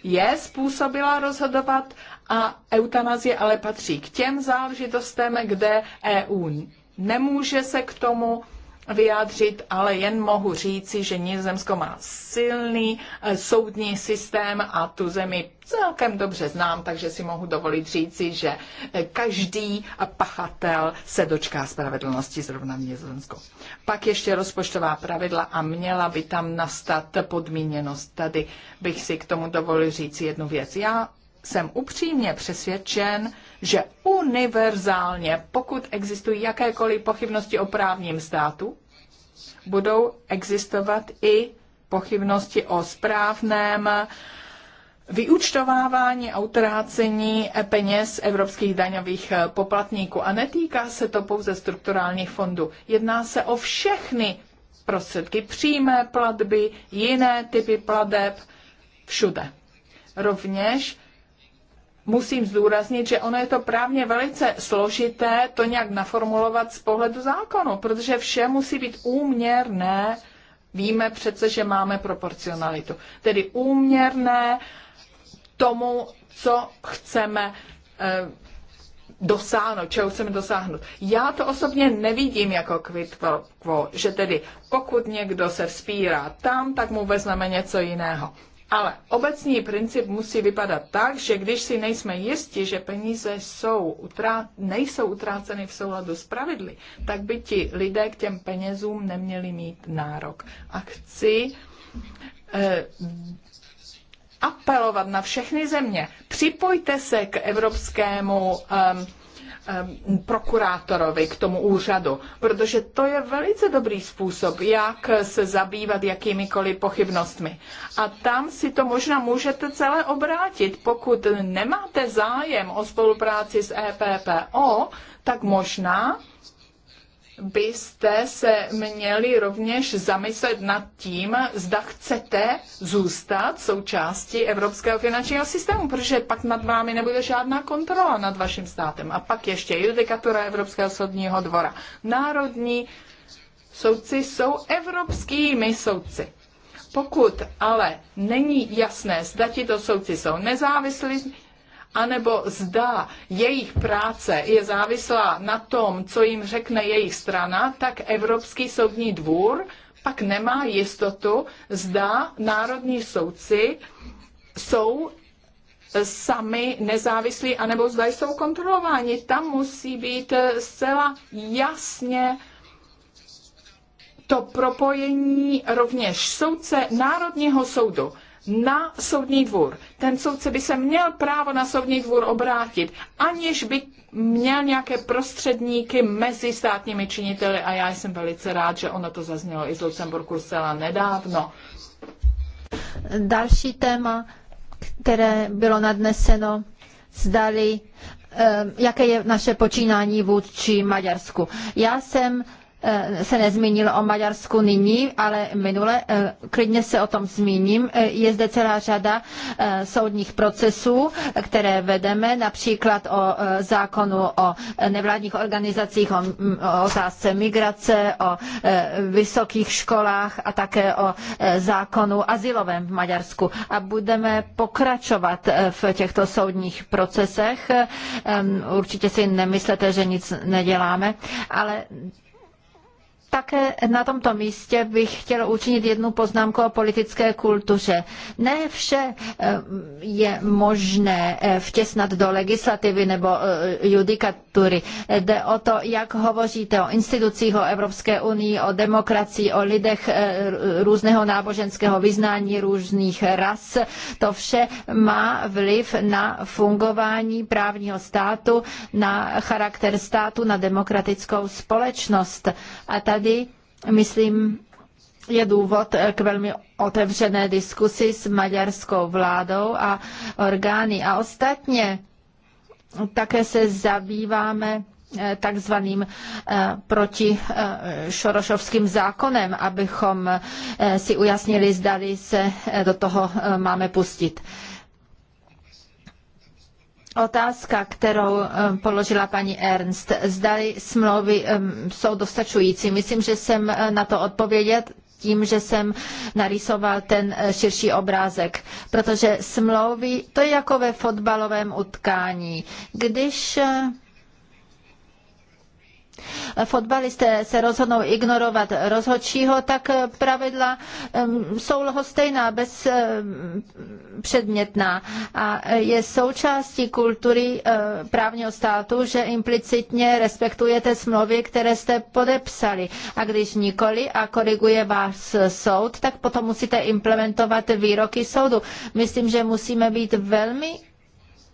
je způsobila rozhodovat a eutanazie ale patří k těm záležitostem, kde EU nemůže se k tomu vyjádřit, ale jen mohu říci, že Nizozemsko má silný eh, soudní systém a tu zemi celkem dobře znám, takže si mohu dovolit říci, že eh, každý pachatel se dočká spravedlnosti zrovna v Nizozemsku. Pak ještě rozpočtová pravidla a měla by tam nastat podmíněnost. Tady bych si k tomu dovolil říci jednu věc. Já jsem upřímně přesvědčen, že univerzálně, pokud existují jakékoliv pochybnosti o právním státu, budou existovat i pochybnosti o správném vyúčtovávání a utrácení peněz evropských daňových poplatníků. A netýká se to pouze strukturálních fondů. Jedná se o všechny prostředky, přímé platby, jiné typy plateb, všude. Rovněž musím zdůraznit, že ono je to právně velice složité to nějak naformulovat z pohledu zákonu, protože vše musí být úměrné, víme přece, že máme proporcionalitu, tedy úměrné tomu, co chceme eh, dosáhnout, čeho chceme dosáhnout. Já to osobně nevidím jako quid quo, že tedy pokud někdo se vzpírá tam, tak mu vezmeme něco jiného. Ale obecný princip musí vypadat tak, že když si nejsme jisti, že peníze jsou utrá- nejsou utráceny v souladu s pravidly, tak by ti lidé k těm penězům neměli mít nárok. A chci eh, apelovat na všechny země. Připojte se k evropskému eh, Ehm, prokurátorovi, k tomu úřadu, protože to je velice dobrý způsob, jak se zabývat jakýmikoliv pochybnostmi. A tam si to možná můžete celé obrátit. Pokud nemáte zájem o spolupráci s EPPO, tak možná byste se měli rovněž zamyslet nad tím, zda chcete zůstat součástí evropského finančního systému, protože pak nad vámi nebude žádná kontrola nad vaším státem. A pak ještě judikatura Evropského soudního dvora. Národní soudci jsou evropskými soudci. Pokud ale není jasné, zda tito soudci jsou nezávislí, anebo zda jejich práce je závislá na tom, co jim řekne jejich strana, tak Evropský soudní dvůr pak nemá jistotu, zda národní soudci jsou sami nezávislí, anebo zda jsou kontrolováni. Tam musí být zcela jasně to propojení rovněž soudce Národního soudu na soudní dvůr. Ten soudce by se měl právo na soudní dvůr obrátit, aniž by měl nějaké prostředníky mezi státními činiteli a já jsem velice rád, že ono to zaznělo i z Lucemburku zcela nedávno. Další téma, které bylo nadneseno, zdali eh, jaké je naše počínání vůči Maďarsku. Já jsem Eh, se nezmínil o Maďarsku nyní, ale minule, eh, klidně se o tom zmíním. Eh, je zde celá řada soudních procesů, které vedeme, například o zákonu o nevládních organizacích, o otázce migrace, o vysokých školách a také o zákonu asilovém v Maďarsku. A budeme pokračovat v těchto soudních procesech. Ehm, určitě si nemyslete, že nic neděláme, ale také na tomto místě bych chtěla učinit jednu poznámku o politické kultuře. Ne vše eh, je možné eh, vtěsnat do legislativy nebo eh, judikatury. Jde o to, jak hovoříte o institucích, o Evropské unii, o demokracii, o lidech různého náboženského vyznání, různých ras. To vše má vliv na fungování právního státu, na charakter státu, na demokratickou společnost. A tady Tady, myslím, je důvod k velmi otevřené diskusi s maďarskou vládou a orgány. A ostatně také se zabýváme eh, takzvaným eh, proti eh, Šorošovským zákonem, abychom si ujasnili, zdali se do toho máme pustit. Otázka, kterou eh, položila paní Ernst, zdali smlouvy eh, jsou dostačující. Myslím, že jsem eh, na to odpověděl tím, že jsem narýsoval ten širší obrázek. Protože smlouvy, to je jako ve fotbalovém utkání. Když fotbalisté se rozhodnou ignorovat rozhodčího, tak eh, pravidla ehm, jsou lhostejná, bezpředmětná. Ehm, a eh, je součástí kultury eh, právního státu, že implicitně respektujete smlouvy, které jste podepsali. A když nikoli a koriguje vás soud, tak potom musíte implementovat výroky soudu. Myslím, že musíme být velmi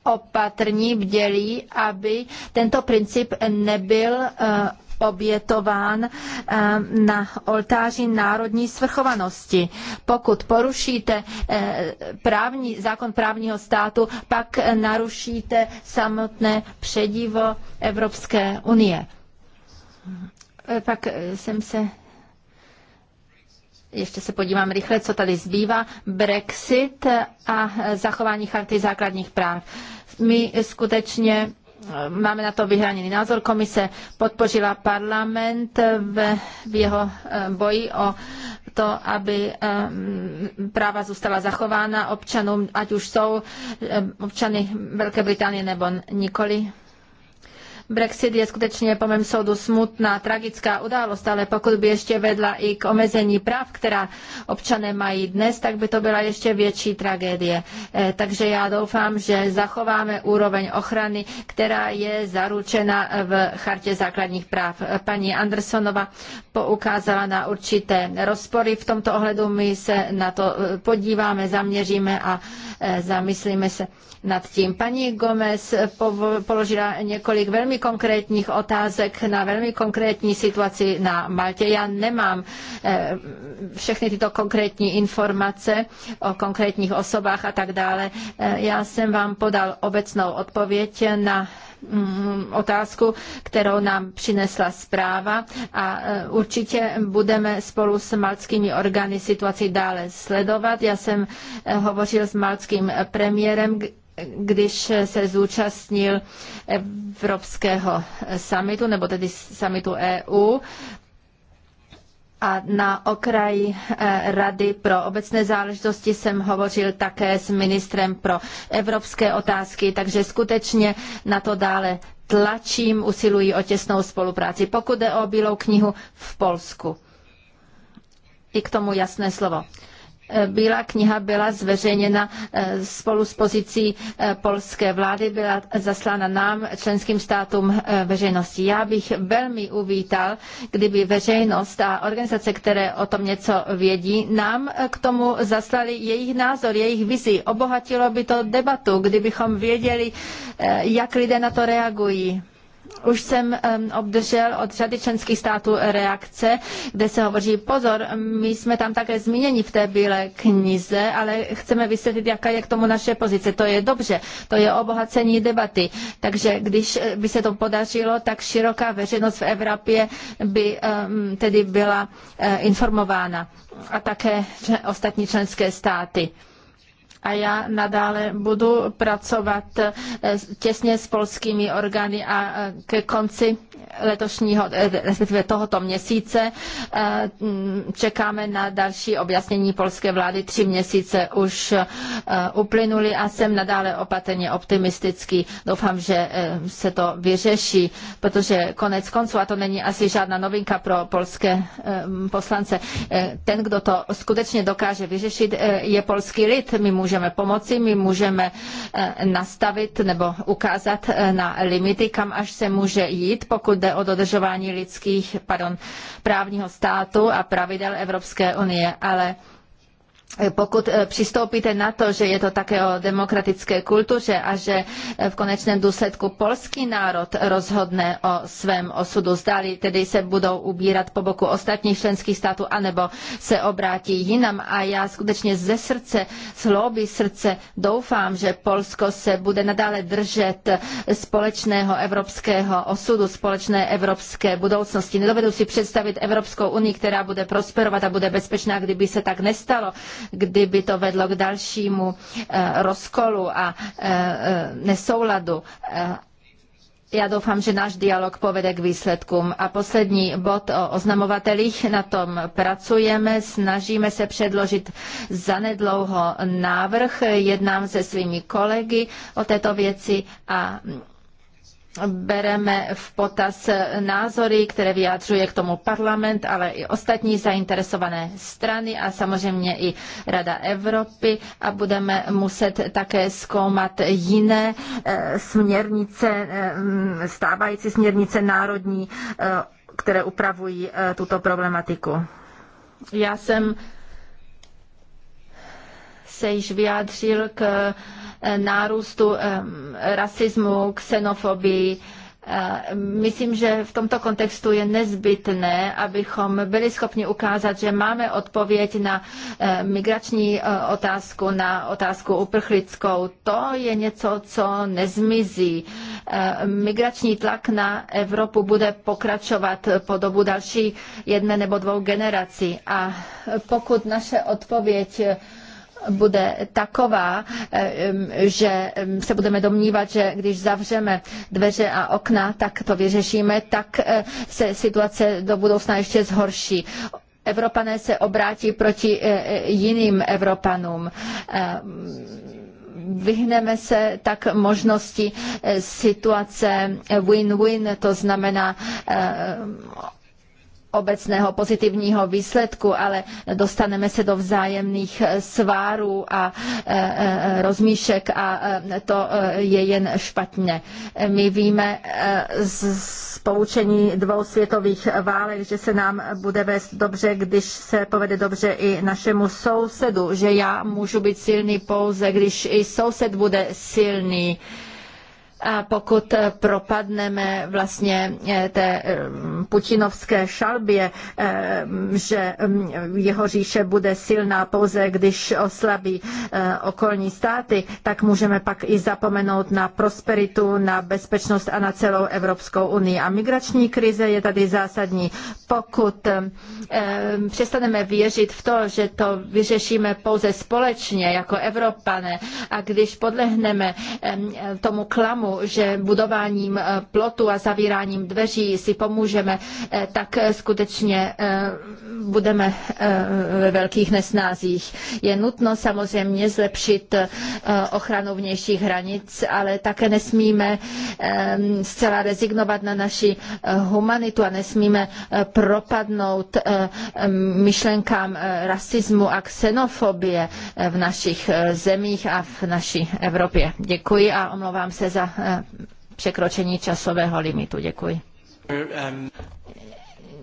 opatrní, bdělí, aby tento princip nebyl eh, obětován eh, na oltáři národní svrchovanosti. Pokud porušíte eh, právní, zákon právního státu, pak narušíte samotné předivo Evropské unie. Pak jsem se ještě se podívám rychle, co tady zbývá, Brexit a zachování charty základních práv. My skutečně eh, máme na to vyhraněný názor. Komise podpořila parlament v, v jeho eh, boji o to, aby eh, práva zůstala zachována občanům, ať už jsou občany Velké Británie nebo nikoli. Brexit je skutečně po mém soudu smutná, tragická událost, ale pokud by ještě vedla i k omezení práv, která občané mají dnes, tak by to byla ještě větší tragédie. Eh, takže já doufám, že zachováme úroveň ochrany, která je zaručena eh, v Chartě základních práv. Eh, paní Andersonova poukázala na určité rozpory v tomto ohledu. My se na to podíváme, zaměříme a zamyslíme se nad tím. Paní Gomez položila několik velmi konkrétních otázek na velmi konkrétní situaci na Maltě. Já nemám eh, všechny tyto konkrétní informace o konkrétních osobách a tak dále. Eh, já jsem vám podal obecnou odpověď na mm, otázku, kterou nám přinesla zpráva a eh, určitě budeme spolu s malckými orgány situaci dále sledovat. Já jsem hovořil s malckým premiérem, když se zúčastnil Evropského samitu, nebo tedy samitu EU, a na okraji eh, Rady pro obecné záležitosti jsem hovořil také s ministrem pro evropské otázky, takže skutečně na to dále tlačím, usilují o těsnou spolupráci. Pokud jde o Bílou knihu v Polsku, i k tomu jasné slovo. Eh, Bílá kniha byla zveřejněna eh, spolu s pozicí eh, polské vlády, byla zaslána nám, členským státům veřejnosti. Já bych velmi uvítal, kdyby veřejnost a organizace, které o tom něco vědí, nám k tomu zaslali jejich názor, jejich vizi. Obohatilo by to debatu, kdybychom věděli, jak lidé na to reagují. Už jsem obdržel od řady členských států reakce, kde se hovoří, pozor, my jsme tam také zmíněni v té bílé knize, ale chceme vysvětlit, jaká je k tomu naše pozice. To je dobře, to je obohacení debaty. Takže když eh, by se to podařilo, tak široká veřejnost v Evropě by tedy byla eh, informována a také ostatní členské státy a já nadále budu pracovat eh, těsně s polskými orgány a eh, ke konci letošního, eh, respektive tohoto měsíce. Eh, čekáme na další objasnění polské vlády. Tři měsíce už eh, uplynuly a jsem nadále opatrně optimistický. Doufám, že se to vyřeší, protože konec konců, a to není asi žádná novinka pro polské poslance, ten, kdo to skutečně dokáže vyřešit, je polský lid. My můžeme pomoci, my můžeme nastavit nebo ukázat na limity, kam až se může jít, pokud pokud jde o dodržování lidských, pardon, právního státu a pravidel Evropské unie, ale pokud eh, přistoupíte na to, že je to také o demokratické kultuře a že eh, v konečném důsledku polský národ rozhodne o svém osudu, zdali tedy se budou ubírat po boku ostatních členských států, anebo se obrátí jinam. A já skutečně ze srdce, z hlouby srdce doufám, že Polsko se bude nadále držet společného evropského osudu, společné evropské budoucnosti. Nedovedu si představit Evropskou unii, která bude prosperovat a bude bezpečná, kdyby se tak nestalo kdyby to vedlo k dalšímu eh, rozkolu a eh, eh, nesouladu. Já doufám, že náš dialog povede k výsledkům. A poslední bod o oznamovatelích. Na tom pracujeme, snažíme se předložit zanedlouho návrh. Jednám se svými kolegy o této věci a bereme v potaz názory, které vyjadřuje k tomu parlament, ale i ostatní zainteresované strany a samozřejmě i Rada Evropy a budeme muset také zkoumat jiné eh, směrnice, eh, mm, stávající směrnice národní, eh, které upravují tuto problematiku. Já jsem se již vyjádřil k nárůstu rasismu, xenofobii, Myslím, že v tomto kontextu je nezbytné, abychom byli schopni ukázat, že máme odpověď na migrační e, otázku, na otázku uprchlickou. To je něco, co nezmizí. Migrační tlak na Evropu bude pokračovat po dobu další jedné nebo dvou generací. A pokud naše odpověď bude taková, eh, že se budeme domnívat, že když zavřeme dveře a okna, tak to vyřešíme, tak eh, se situace do budoucna ještě zhorší. Evropané se obrátí proti eh, jiným Evropanům vyhneme se tak možnosti situace win-win, to znamená obecného pozitivního výsledku, ale dostaneme se do vzájemných eh, svárů a eh, eh, rozmíšek a to je jen špatně. My víme z poučení dvou světových válek, že se nám bude vést dobře, když se povede dobře i našemu sousedu, že já můžu být silný pouze, když i soused bude silný. A pokud eh, propadneme vlastně eh, té eh, putinovské šalbě, že mm, jeho říše bude silná pouze, když oslabí okolní státy, tak můžeme pak i zapomenout na prosperitu, na bezpečnost a na celou Evropskou unii. A migrační krize je tady zásadní. Pokud přestaneme věřit v to, že to vyřešíme pouze společně jako Evropané a když podlehneme tomu klamu, že budováním eh, plotu a zavíráním dveří si pomůžeme, eh, tak eh, skutečně budeme ve velkých nesnázích. Je nutno samozřejmě zlepšit ochranu vnějších hranic, ale také nesmíme zcela rezignovat na naši humanitu a nesmíme propadnout myšlenkám rasismu a xenofobie v našich zemích a v naší Evropě. Děkuji a omlouvám se za Eh, překročení časového limitu. Děkuji.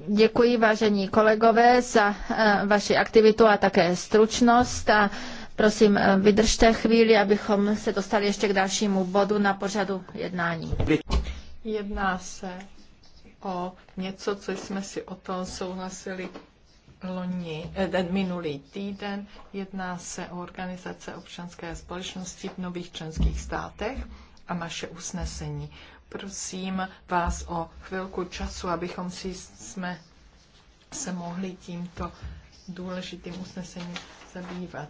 Děkuji, vážení kolegové, za eh, vaši aktivitu a také stručnost. A prosím, eh, vydržte chvíli, abychom se dostali ještě k dalšímu bodu na pořadu jednání. Jedná se o něco, co jsme si o tom souhlasili loni, den minulý týden. Jedná se o organizace občanské společnosti v nových členských státech a naše usnesení. Prosím vás o chvilku času, abychom si jsme se mohli tímto důležitým usnesením zabývat.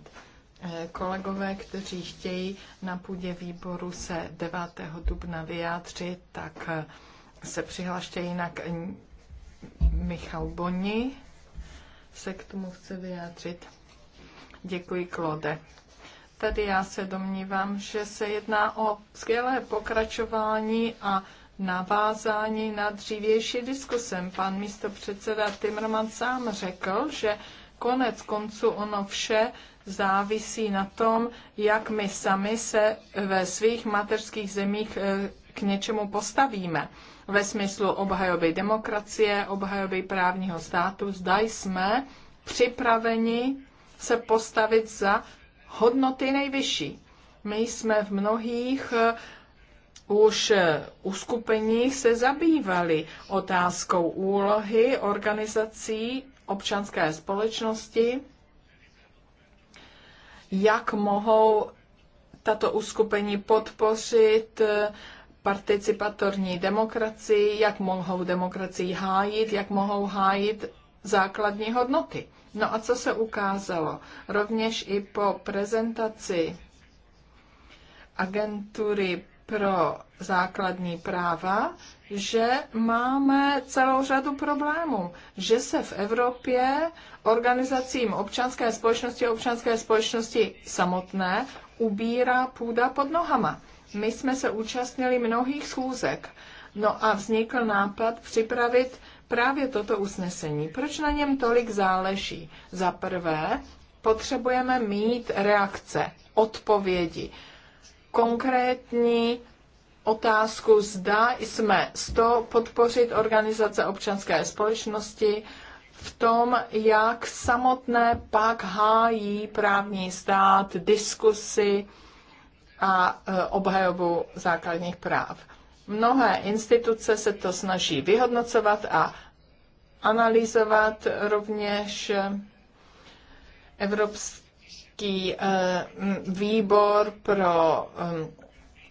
Eh, kolegové, kteří chtějí na půdě výboru se 9. dubna vyjádřit, tak eh, se přihlašte jinak Michal Boni se k tomu chce vyjádřit. Děkuji, Klode. Tady já se domnívám, že se jedná o skvělé pokračování a navázání na dřívější diskusem. Pan místo předseda Timmerman sám řekl, že konec konců ono vše závisí na tom, jak my sami se ve svých mateřských zemích eh, k něčemu postavíme. Ve smyslu obhajoby demokracie, obhajoby právního státu, zda jsme připraveni se postavit za hodnoty nejvyšší. My jsme v mnohých eh, už eh, uskupeních se zabývali otázkou úlohy organizací občanské společnosti, jak mohou tato uskupení podpořit eh, participatorní demokracii, jak mohou demokracii hájit, jak mohou hájit základní hodnoty. No a co se ukázalo? Rovněž i po prezentaci agentury pro základní práva, že máme celou řadu problémů, že se v Evropě organizacím občanské společnosti a občanské společnosti samotné ubírá půda pod nohama. My jsme se účastnili mnohých schůzek. No a vznikl nápad připravit právě toto usnesení. Proč na něm tolik záleží? Za prvé, potřebujeme mít reakce, odpovědi, konkrétní otázku, zda jsme s to podpořit organizace občanské společnosti v tom, jak samotné pak hájí právní stát, diskusy a e, obhajobu základních práv. Mnohé instituce se to snaží vyhodnocovat a analyzovat rovněž eh, Evropský eh, výbor pro eh,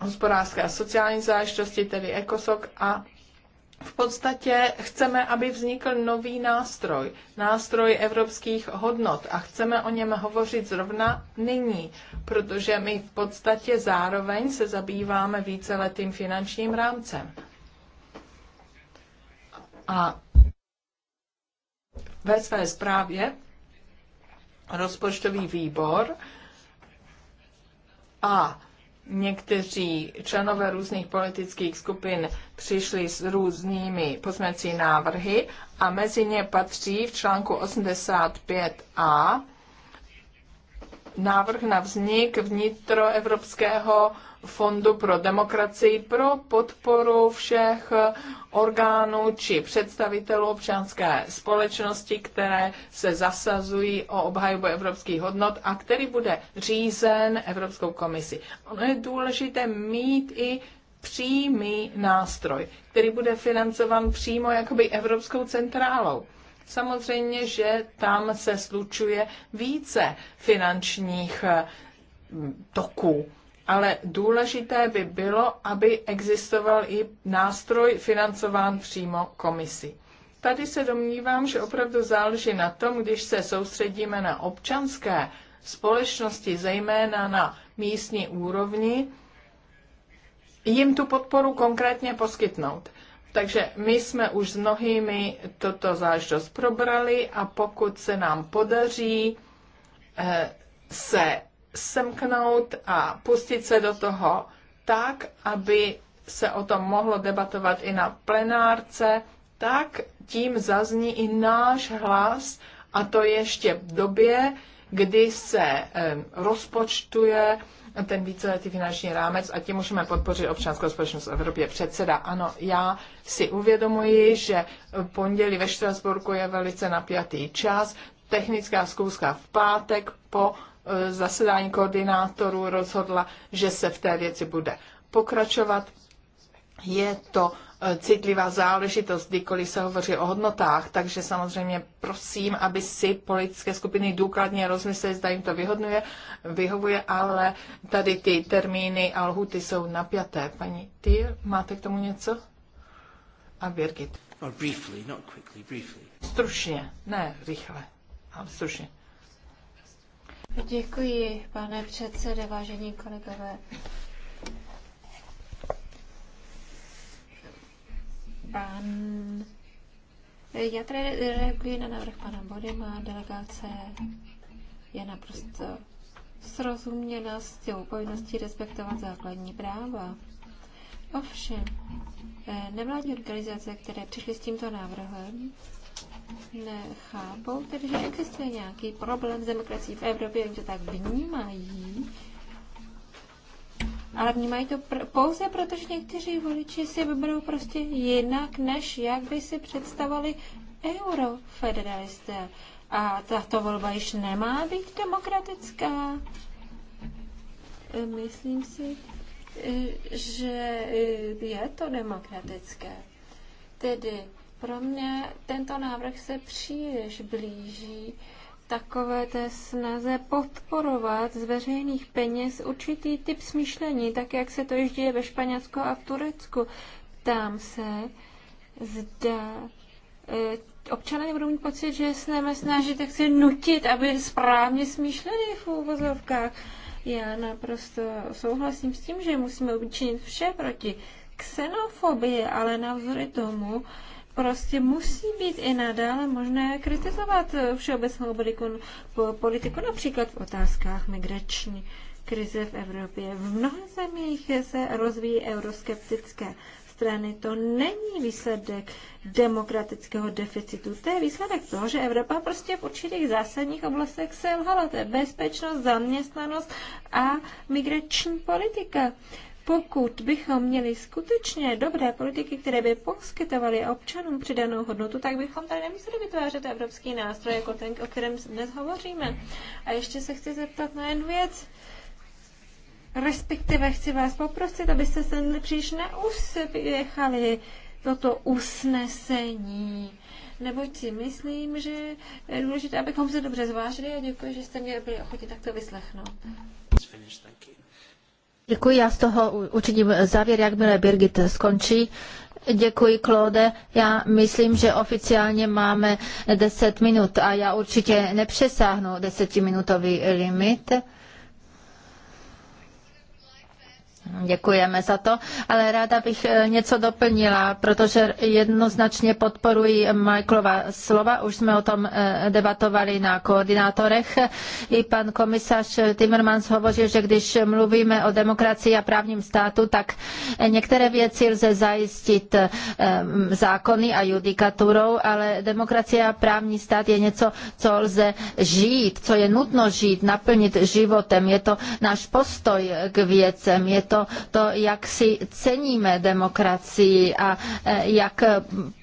hospodářské a sociální záležitosti, tedy ECOSOC a v podstatě chceme, aby vznikl nový nástroj, nástroj evropských hodnot a chceme o něm hovořit zrovna nyní, protože my v podstatě zároveň se zabýváme víceletým finančním rámcem. A ve své zprávě rozpočtový výbor a někteří členové různých politických skupin přišli s různými pozměcí návrhy a mezi ně patří v článku 85a návrh na vznik vnitroevropského fondu pro demokracii pro podporu všech orgánů či představitelů občanské společnosti, které se zasazují o obhajobu evropských hodnot a který bude řízen Evropskou komisi. Ono je důležité mít i přímý nástroj, který bude financovan přímo jakoby Evropskou centrálou Samozřejmě, že tam se slučuje více finančních eh, toků. Ale důležité by bylo, aby existoval i nástroj financován přímo komisi. Tady se domnívám, že opravdu záleží na tom, když se soustředíme na občanské společnosti, zejména na místní úrovni, jim tu podporu konkrétně poskytnout. Takže my jsme už s mnohými toto záždost probrali a pokud se nám podaří eh, se semknout a pustit se do toho tak, aby se o tom mohlo debatovat i na plenárce, tak tím zazní i náš hlas a to ještě v době, kdy se eh, rozpočtuje ten víceletý finanční rámec a tím můžeme podpořit občanskou společnost v Evropě. Předseda, ano, já si uvědomuji, že pondělí ve Štrasburku je velice napjatý čas, technická zkouška v pátek po e, zasedání koordinátorů rozhodla, že se v té věci bude pokračovat. Je to citlivá záležitost, kdykoliv se hovoří o hodnotách, takže samozřejmě prosím, aby si politické skupiny důkladně rozmysleli, zda jim to vyhodnuje, vyhovuje, ale tady ty termíny a lhuty jsou napjaté. Paní Tyr, máte k tomu něco? A Birgit. briefly, not quickly, briefly. Stručně, ne rychle, ale stručně. Děkuji, pane předsede, vážení kolegové. Pan... Já tady reaguji na návrh pana Bodema. Delegace je naprosto srozuměna s tou povinností respektovat základní práva. Ovšem, eh, nevládní organizace, které přišly s tímto návrhem, nechápou, tedy že existuje nějaký problém s demokracií v Evropě, oni to tak vnímají, ale vnímají to pr- pouze proto, že někteří voliči si vyberou prostě jinak, než jak by si představovali eurofederalisté. A tato volba již nemá být demokratická. E, myslím si, e, že e, je to demokratické. Tedy pro mě tento návrh se příliš blíží takové té snaze podporovat z veřejných peněz určitý typ smýšlení, tak jak se to již děje ve Španělsku a v Turecku. Tam se, zda e, občané nebudou mít pocit, že jsme snažit tak se nutit, aby správně smýšleli v úvozovkách. Já naprosto souhlasím s tím, že musíme učinit vše proti xenofobii, ale navzory tomu prostě musí být i nadále možné kritizovat všeobecnou politiku, například v otázkách migrační krize v Evropě. V mnoha zemích se rozvíjí euroskeptické strany. To není výsledek demokratického deficitu. To je výsledek toho, že Evropa prostě v určitých zásadních oblastech selhala. To je bezpečnost, zaměstnanost a migrační politika. Pokud bychom měli skutečně dobré politiky, které by poskytovaly občanům přidanou hodnotu, tak bychom tady nemuseli vytvářet evropský nástroj jako ten, o kterém dnes hovoříme. A ještě se chci zeptat na jednu věc. Respektive chci vás poprosit, abyste se příliš neuspěchali toto usnesení. Neboť si myslím, že je důležité, abychom se dobře zvážili a děkuji, že jste mě byli ochotni takto vyslechnout. Děkuji, já z toho učiním závěr, jakmile Birgit skončí. Děkuji, Claude. Já myslím, že oficiálně máme 10 minut a já určitě nepřesáhnu desetiminutový limit. Děkujeme za to, ale ráda bych eh, něco doplnila, protože jednoznačně podporuji Michaelova slova, už jsme o tom eh, debatovali na koordinátorech. I pan komisař Timmermans hovořil, že když mluvíme o demokracii a právním státu, tak eh, některé věci lze zajistit mm, zákony a judikaturou, ale demokracie a právní stát je něco, co lze žít, co je nutno žít, naplnit životem. Je to náš postoj k věcem, je to to, jak si ceníme demokracii a e, jak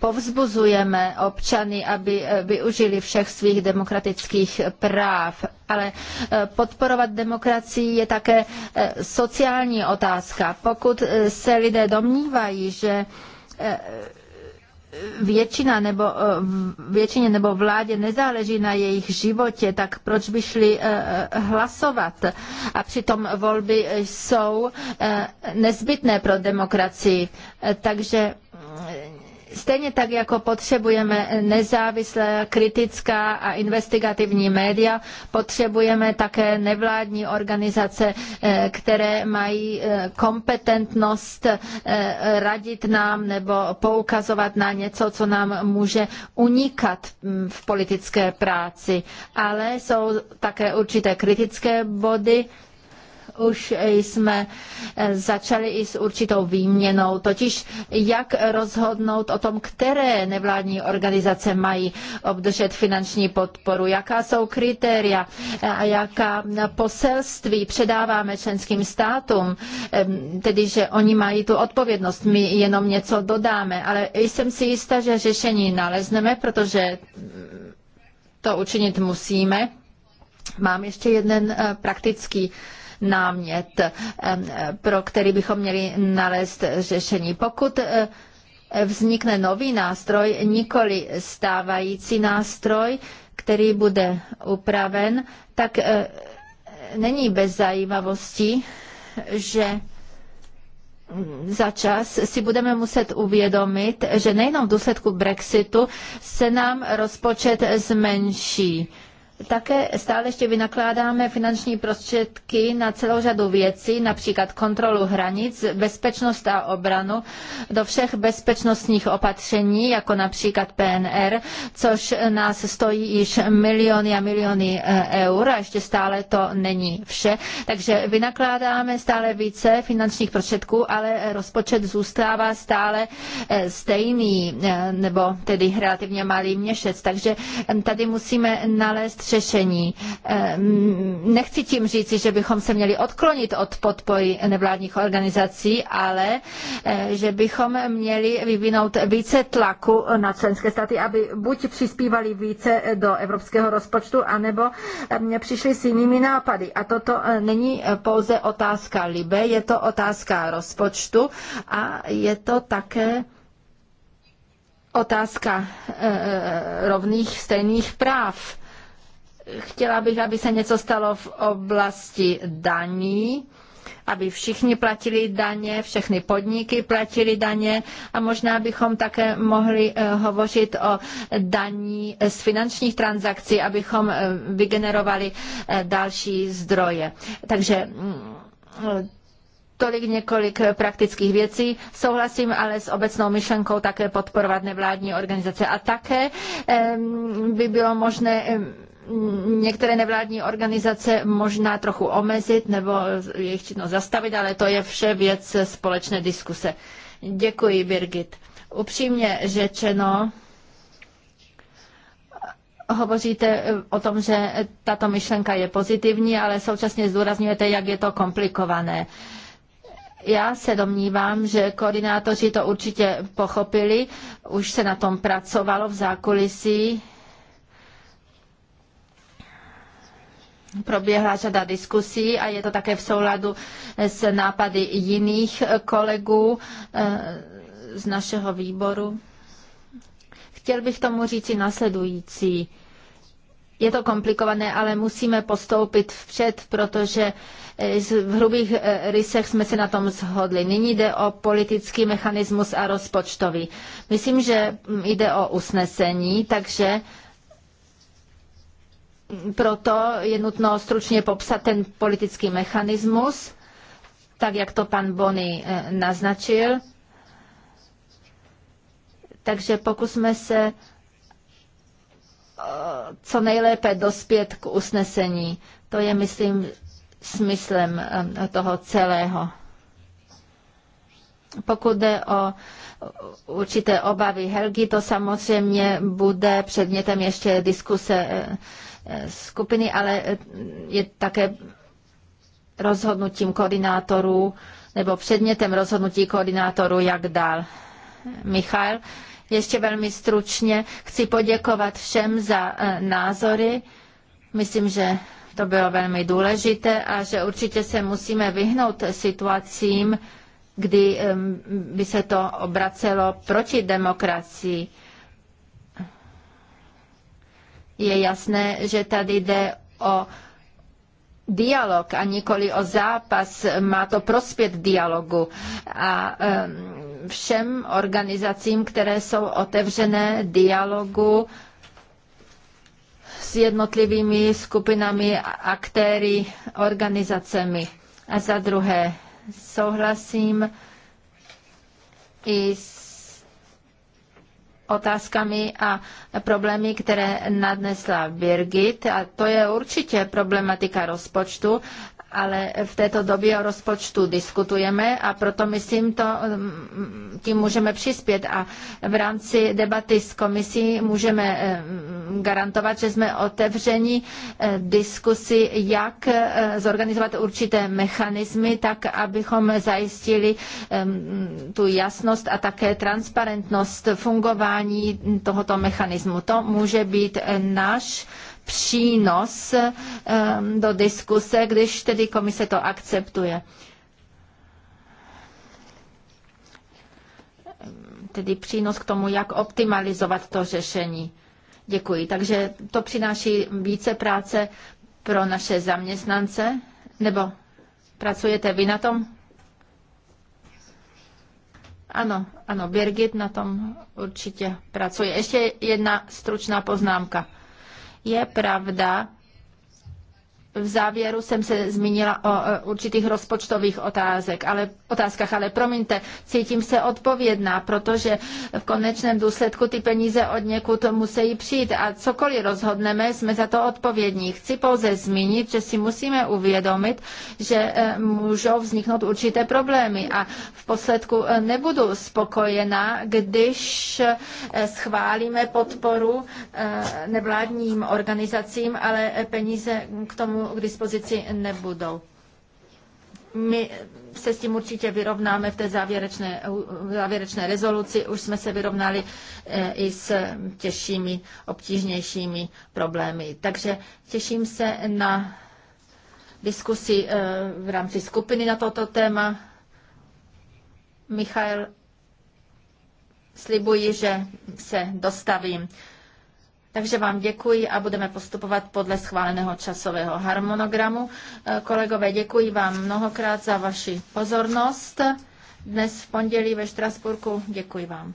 povzbuzujeme občany, aby e, využili všech svých demokratických práv. Ale e, podporovat demokracii je také sociální otázka. Pokud se lidé domnívají, že většina nebo eh, většině nebo vládě nezáleží na jejich životě, tak proč by šli eh, eh, hlasovat? A přitom volby jsou nezbytné pro demokracii. Takže Stejně tak, jako potřebujeme nezávislé, kritická a investigativní média, potřebujeme také nevládní organizace, eh, které mají eh, kompetentnost eh, radit nám nebo poukazovat na něco, co nám může unikat mm, v politické práci. Ale jsou také určité kritické body, už jsme eh, začali i s určitou výměnou, totiž jak rozhodnout o tom, které nevládní organizace mají obdržet finanční podporu, jaká jsou kritéria eh, a jaká poselství předáváme členským státům, ehm, tedy že oni mají tu odpovědnost, my jenom něco dodáme, ale jsem si jistá, že řešení nalezneme, protože to učinit musíme. Mám ještě jeden eh, praktický námět, eh, pro který bychom měli nalézt řešení. Pokud eh, vznikne nový nástroj, nikoli stávající nástroj, který bude upraven, tak eh, není bez zajímavosti, že za čas si budeme muset uvědomit, že nejenom v důsledku Brexitu se nám rozpočet zmenší. Také stále ještě vynakládáme finanční prostředky na celou řadu věcí, například kontrolu hranic, bezpečnost a obranu, do všech bezpečnostních opatření, jako například PNR, což nás stojí již miliony a miliony eh, eur a ještě stále to není vše. Takže vynakládáme stále více finančních prostředků, ale rozpočet zůstává stále eh, stejný, eh, nebo tedy relativně malý měšec. Takže tady musíme nalézt zastřešení. Eh, mm, nechci tím říci, že bychom se měli odklonit od podpory nevládních organizací, ale eh, že bychom měli vyvinout více tlaku na členské státy, aby buď přispívali více eh, do evropského rozpočtu, anebo přišli s jinými nápady. A toto není pouze otázka Libe, je to otázka rozpočtu a je to také otázka rovných stejných práv chtěla bych, aby se něco stalo v oblasti daní, aby všichni platili daně, všechny podniky platili daně a možná bychom také mohli eh, hovořit o daní z finančních transakcí, abychom eh, vygenerovali eh, další zdroje. Takže mm, Tolik několik praktických věcí. Souhlasím ale s obecnou myšlenkou také podporovat nevládní organizace. A také by bylo možné některé nevládní organizace možná trochu omezit nebo jejich činnost zastavit, ale to je vše věc společné diskuse. Děkuji, Birgit. Upřímně řečeno, hovoříte o tom, že tato myšlenka je pozitivní, ale současně zdůrazňujete, jak je to komplikované. Já se domnívám, že koordinátoři to určitě pochopili, už se na tom pracovalo v zákulisí proběhla řada diskusí a je to také v souladu s nápady jiných kolegů eh, z našeho výboru. Chtěl bych tomu říci nasledující. Je to komplikované, ale musíme postoupit vpřed, protože eh, v hrubých eh, rysech jsme se na tom shodli. Nyní jde o politický mechanismus a rozpočtový. Myslím, že mm, jde o usnesení, takže proto je nutno stručně popsat ten politický mechanismus, tak jak to pan Bony eh, naznačil. Takže pokusme se eh, co nejlépe dospět k usnesení. To je, myslím, smyslem eh, toho celého. Pokud jde o určité obavy Helgi, to samozřejmě bude předmětem ještě diskuse skupiny, ale eh, je také rozhodnutím koordinátorů nebo předmětem rozhodnutí koordinátorů, jak dál. Michal, ještě velmi stručně chci poděkovat všem za eh, názory. Myslím, že to bylo velmi důležité a že určitě se musíme vyhnout situacím, kdy by se to obracelo proti demokracii. Je jasné, že tady jde o dialog a nikoli o zápas. Má to prospět dialogu. A všem organizacím, které jsou otevřené dialogu, s jednotlivými skupinami, aktéry, organizacemi. A za druhé, souhlasím i s otázkami a problémy, které nadnesla Birgit. A to je určitě problematika rozpočtu ale v této době o rozpočtu diskutujeme a proto myslím, to, mm, tím můžeme přispět a v rámci debaty s komisí můžeme mm, garantovat, že jsme otevřeni eh, diskusi, jak eh, zorganizovat určité mechanismy, tak abychom zajistili tu jasnost a také transparentnost fungování tohoto mechanismu. To může být eh, náš přínos do diskuse, když tedy komise to akceptuje. Tedy přínos k tomu, jak optimalizovat to řešení. Děkuji. Takže to přináší více práce pro naše zaměstnance? Nebo pracujete vy na tom? Ano, ano, Birgit na tom určitě pracuje. Ještě jedna stručná poznámka. Je pravda, v závěru jsem se zmínila o e, určitých rozpočtových otázek, ale, otázkách, ale promiňte, cítím se odpovědná, protože v konečném důsledku ty peníze od někud musí přijít a cokoliv rozhodneme, jsme za to odpovědní. Chci pouze zmínit, že si musíme uvědomit, že e, můžou vzniknout určité problémy a v posledku e, nebudu spokojená, když schválíme podporu nevládním organizacím, ale peníze k tomu k dispozici nebudou. My se s tím určitě vyrovnáme v té závěrečné, závěrečné rezoluci. Už jsme se vyrovnali eh, i s těžšími, obtížnějšími problémy. Takže těším se na diskusi eh, v rámci skupiny na toto téma. Michal, slibuji, že se dostavím. Takže vám děkuji a budeme postupovat podle schváleného časového harmonogramu. Eh, kolegové, děkuji vám mnohokrát za vaši pozornost. Dnes v pondělí ve Štrasburku. Děkuji vám.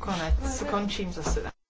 Konec. Končím zasedání.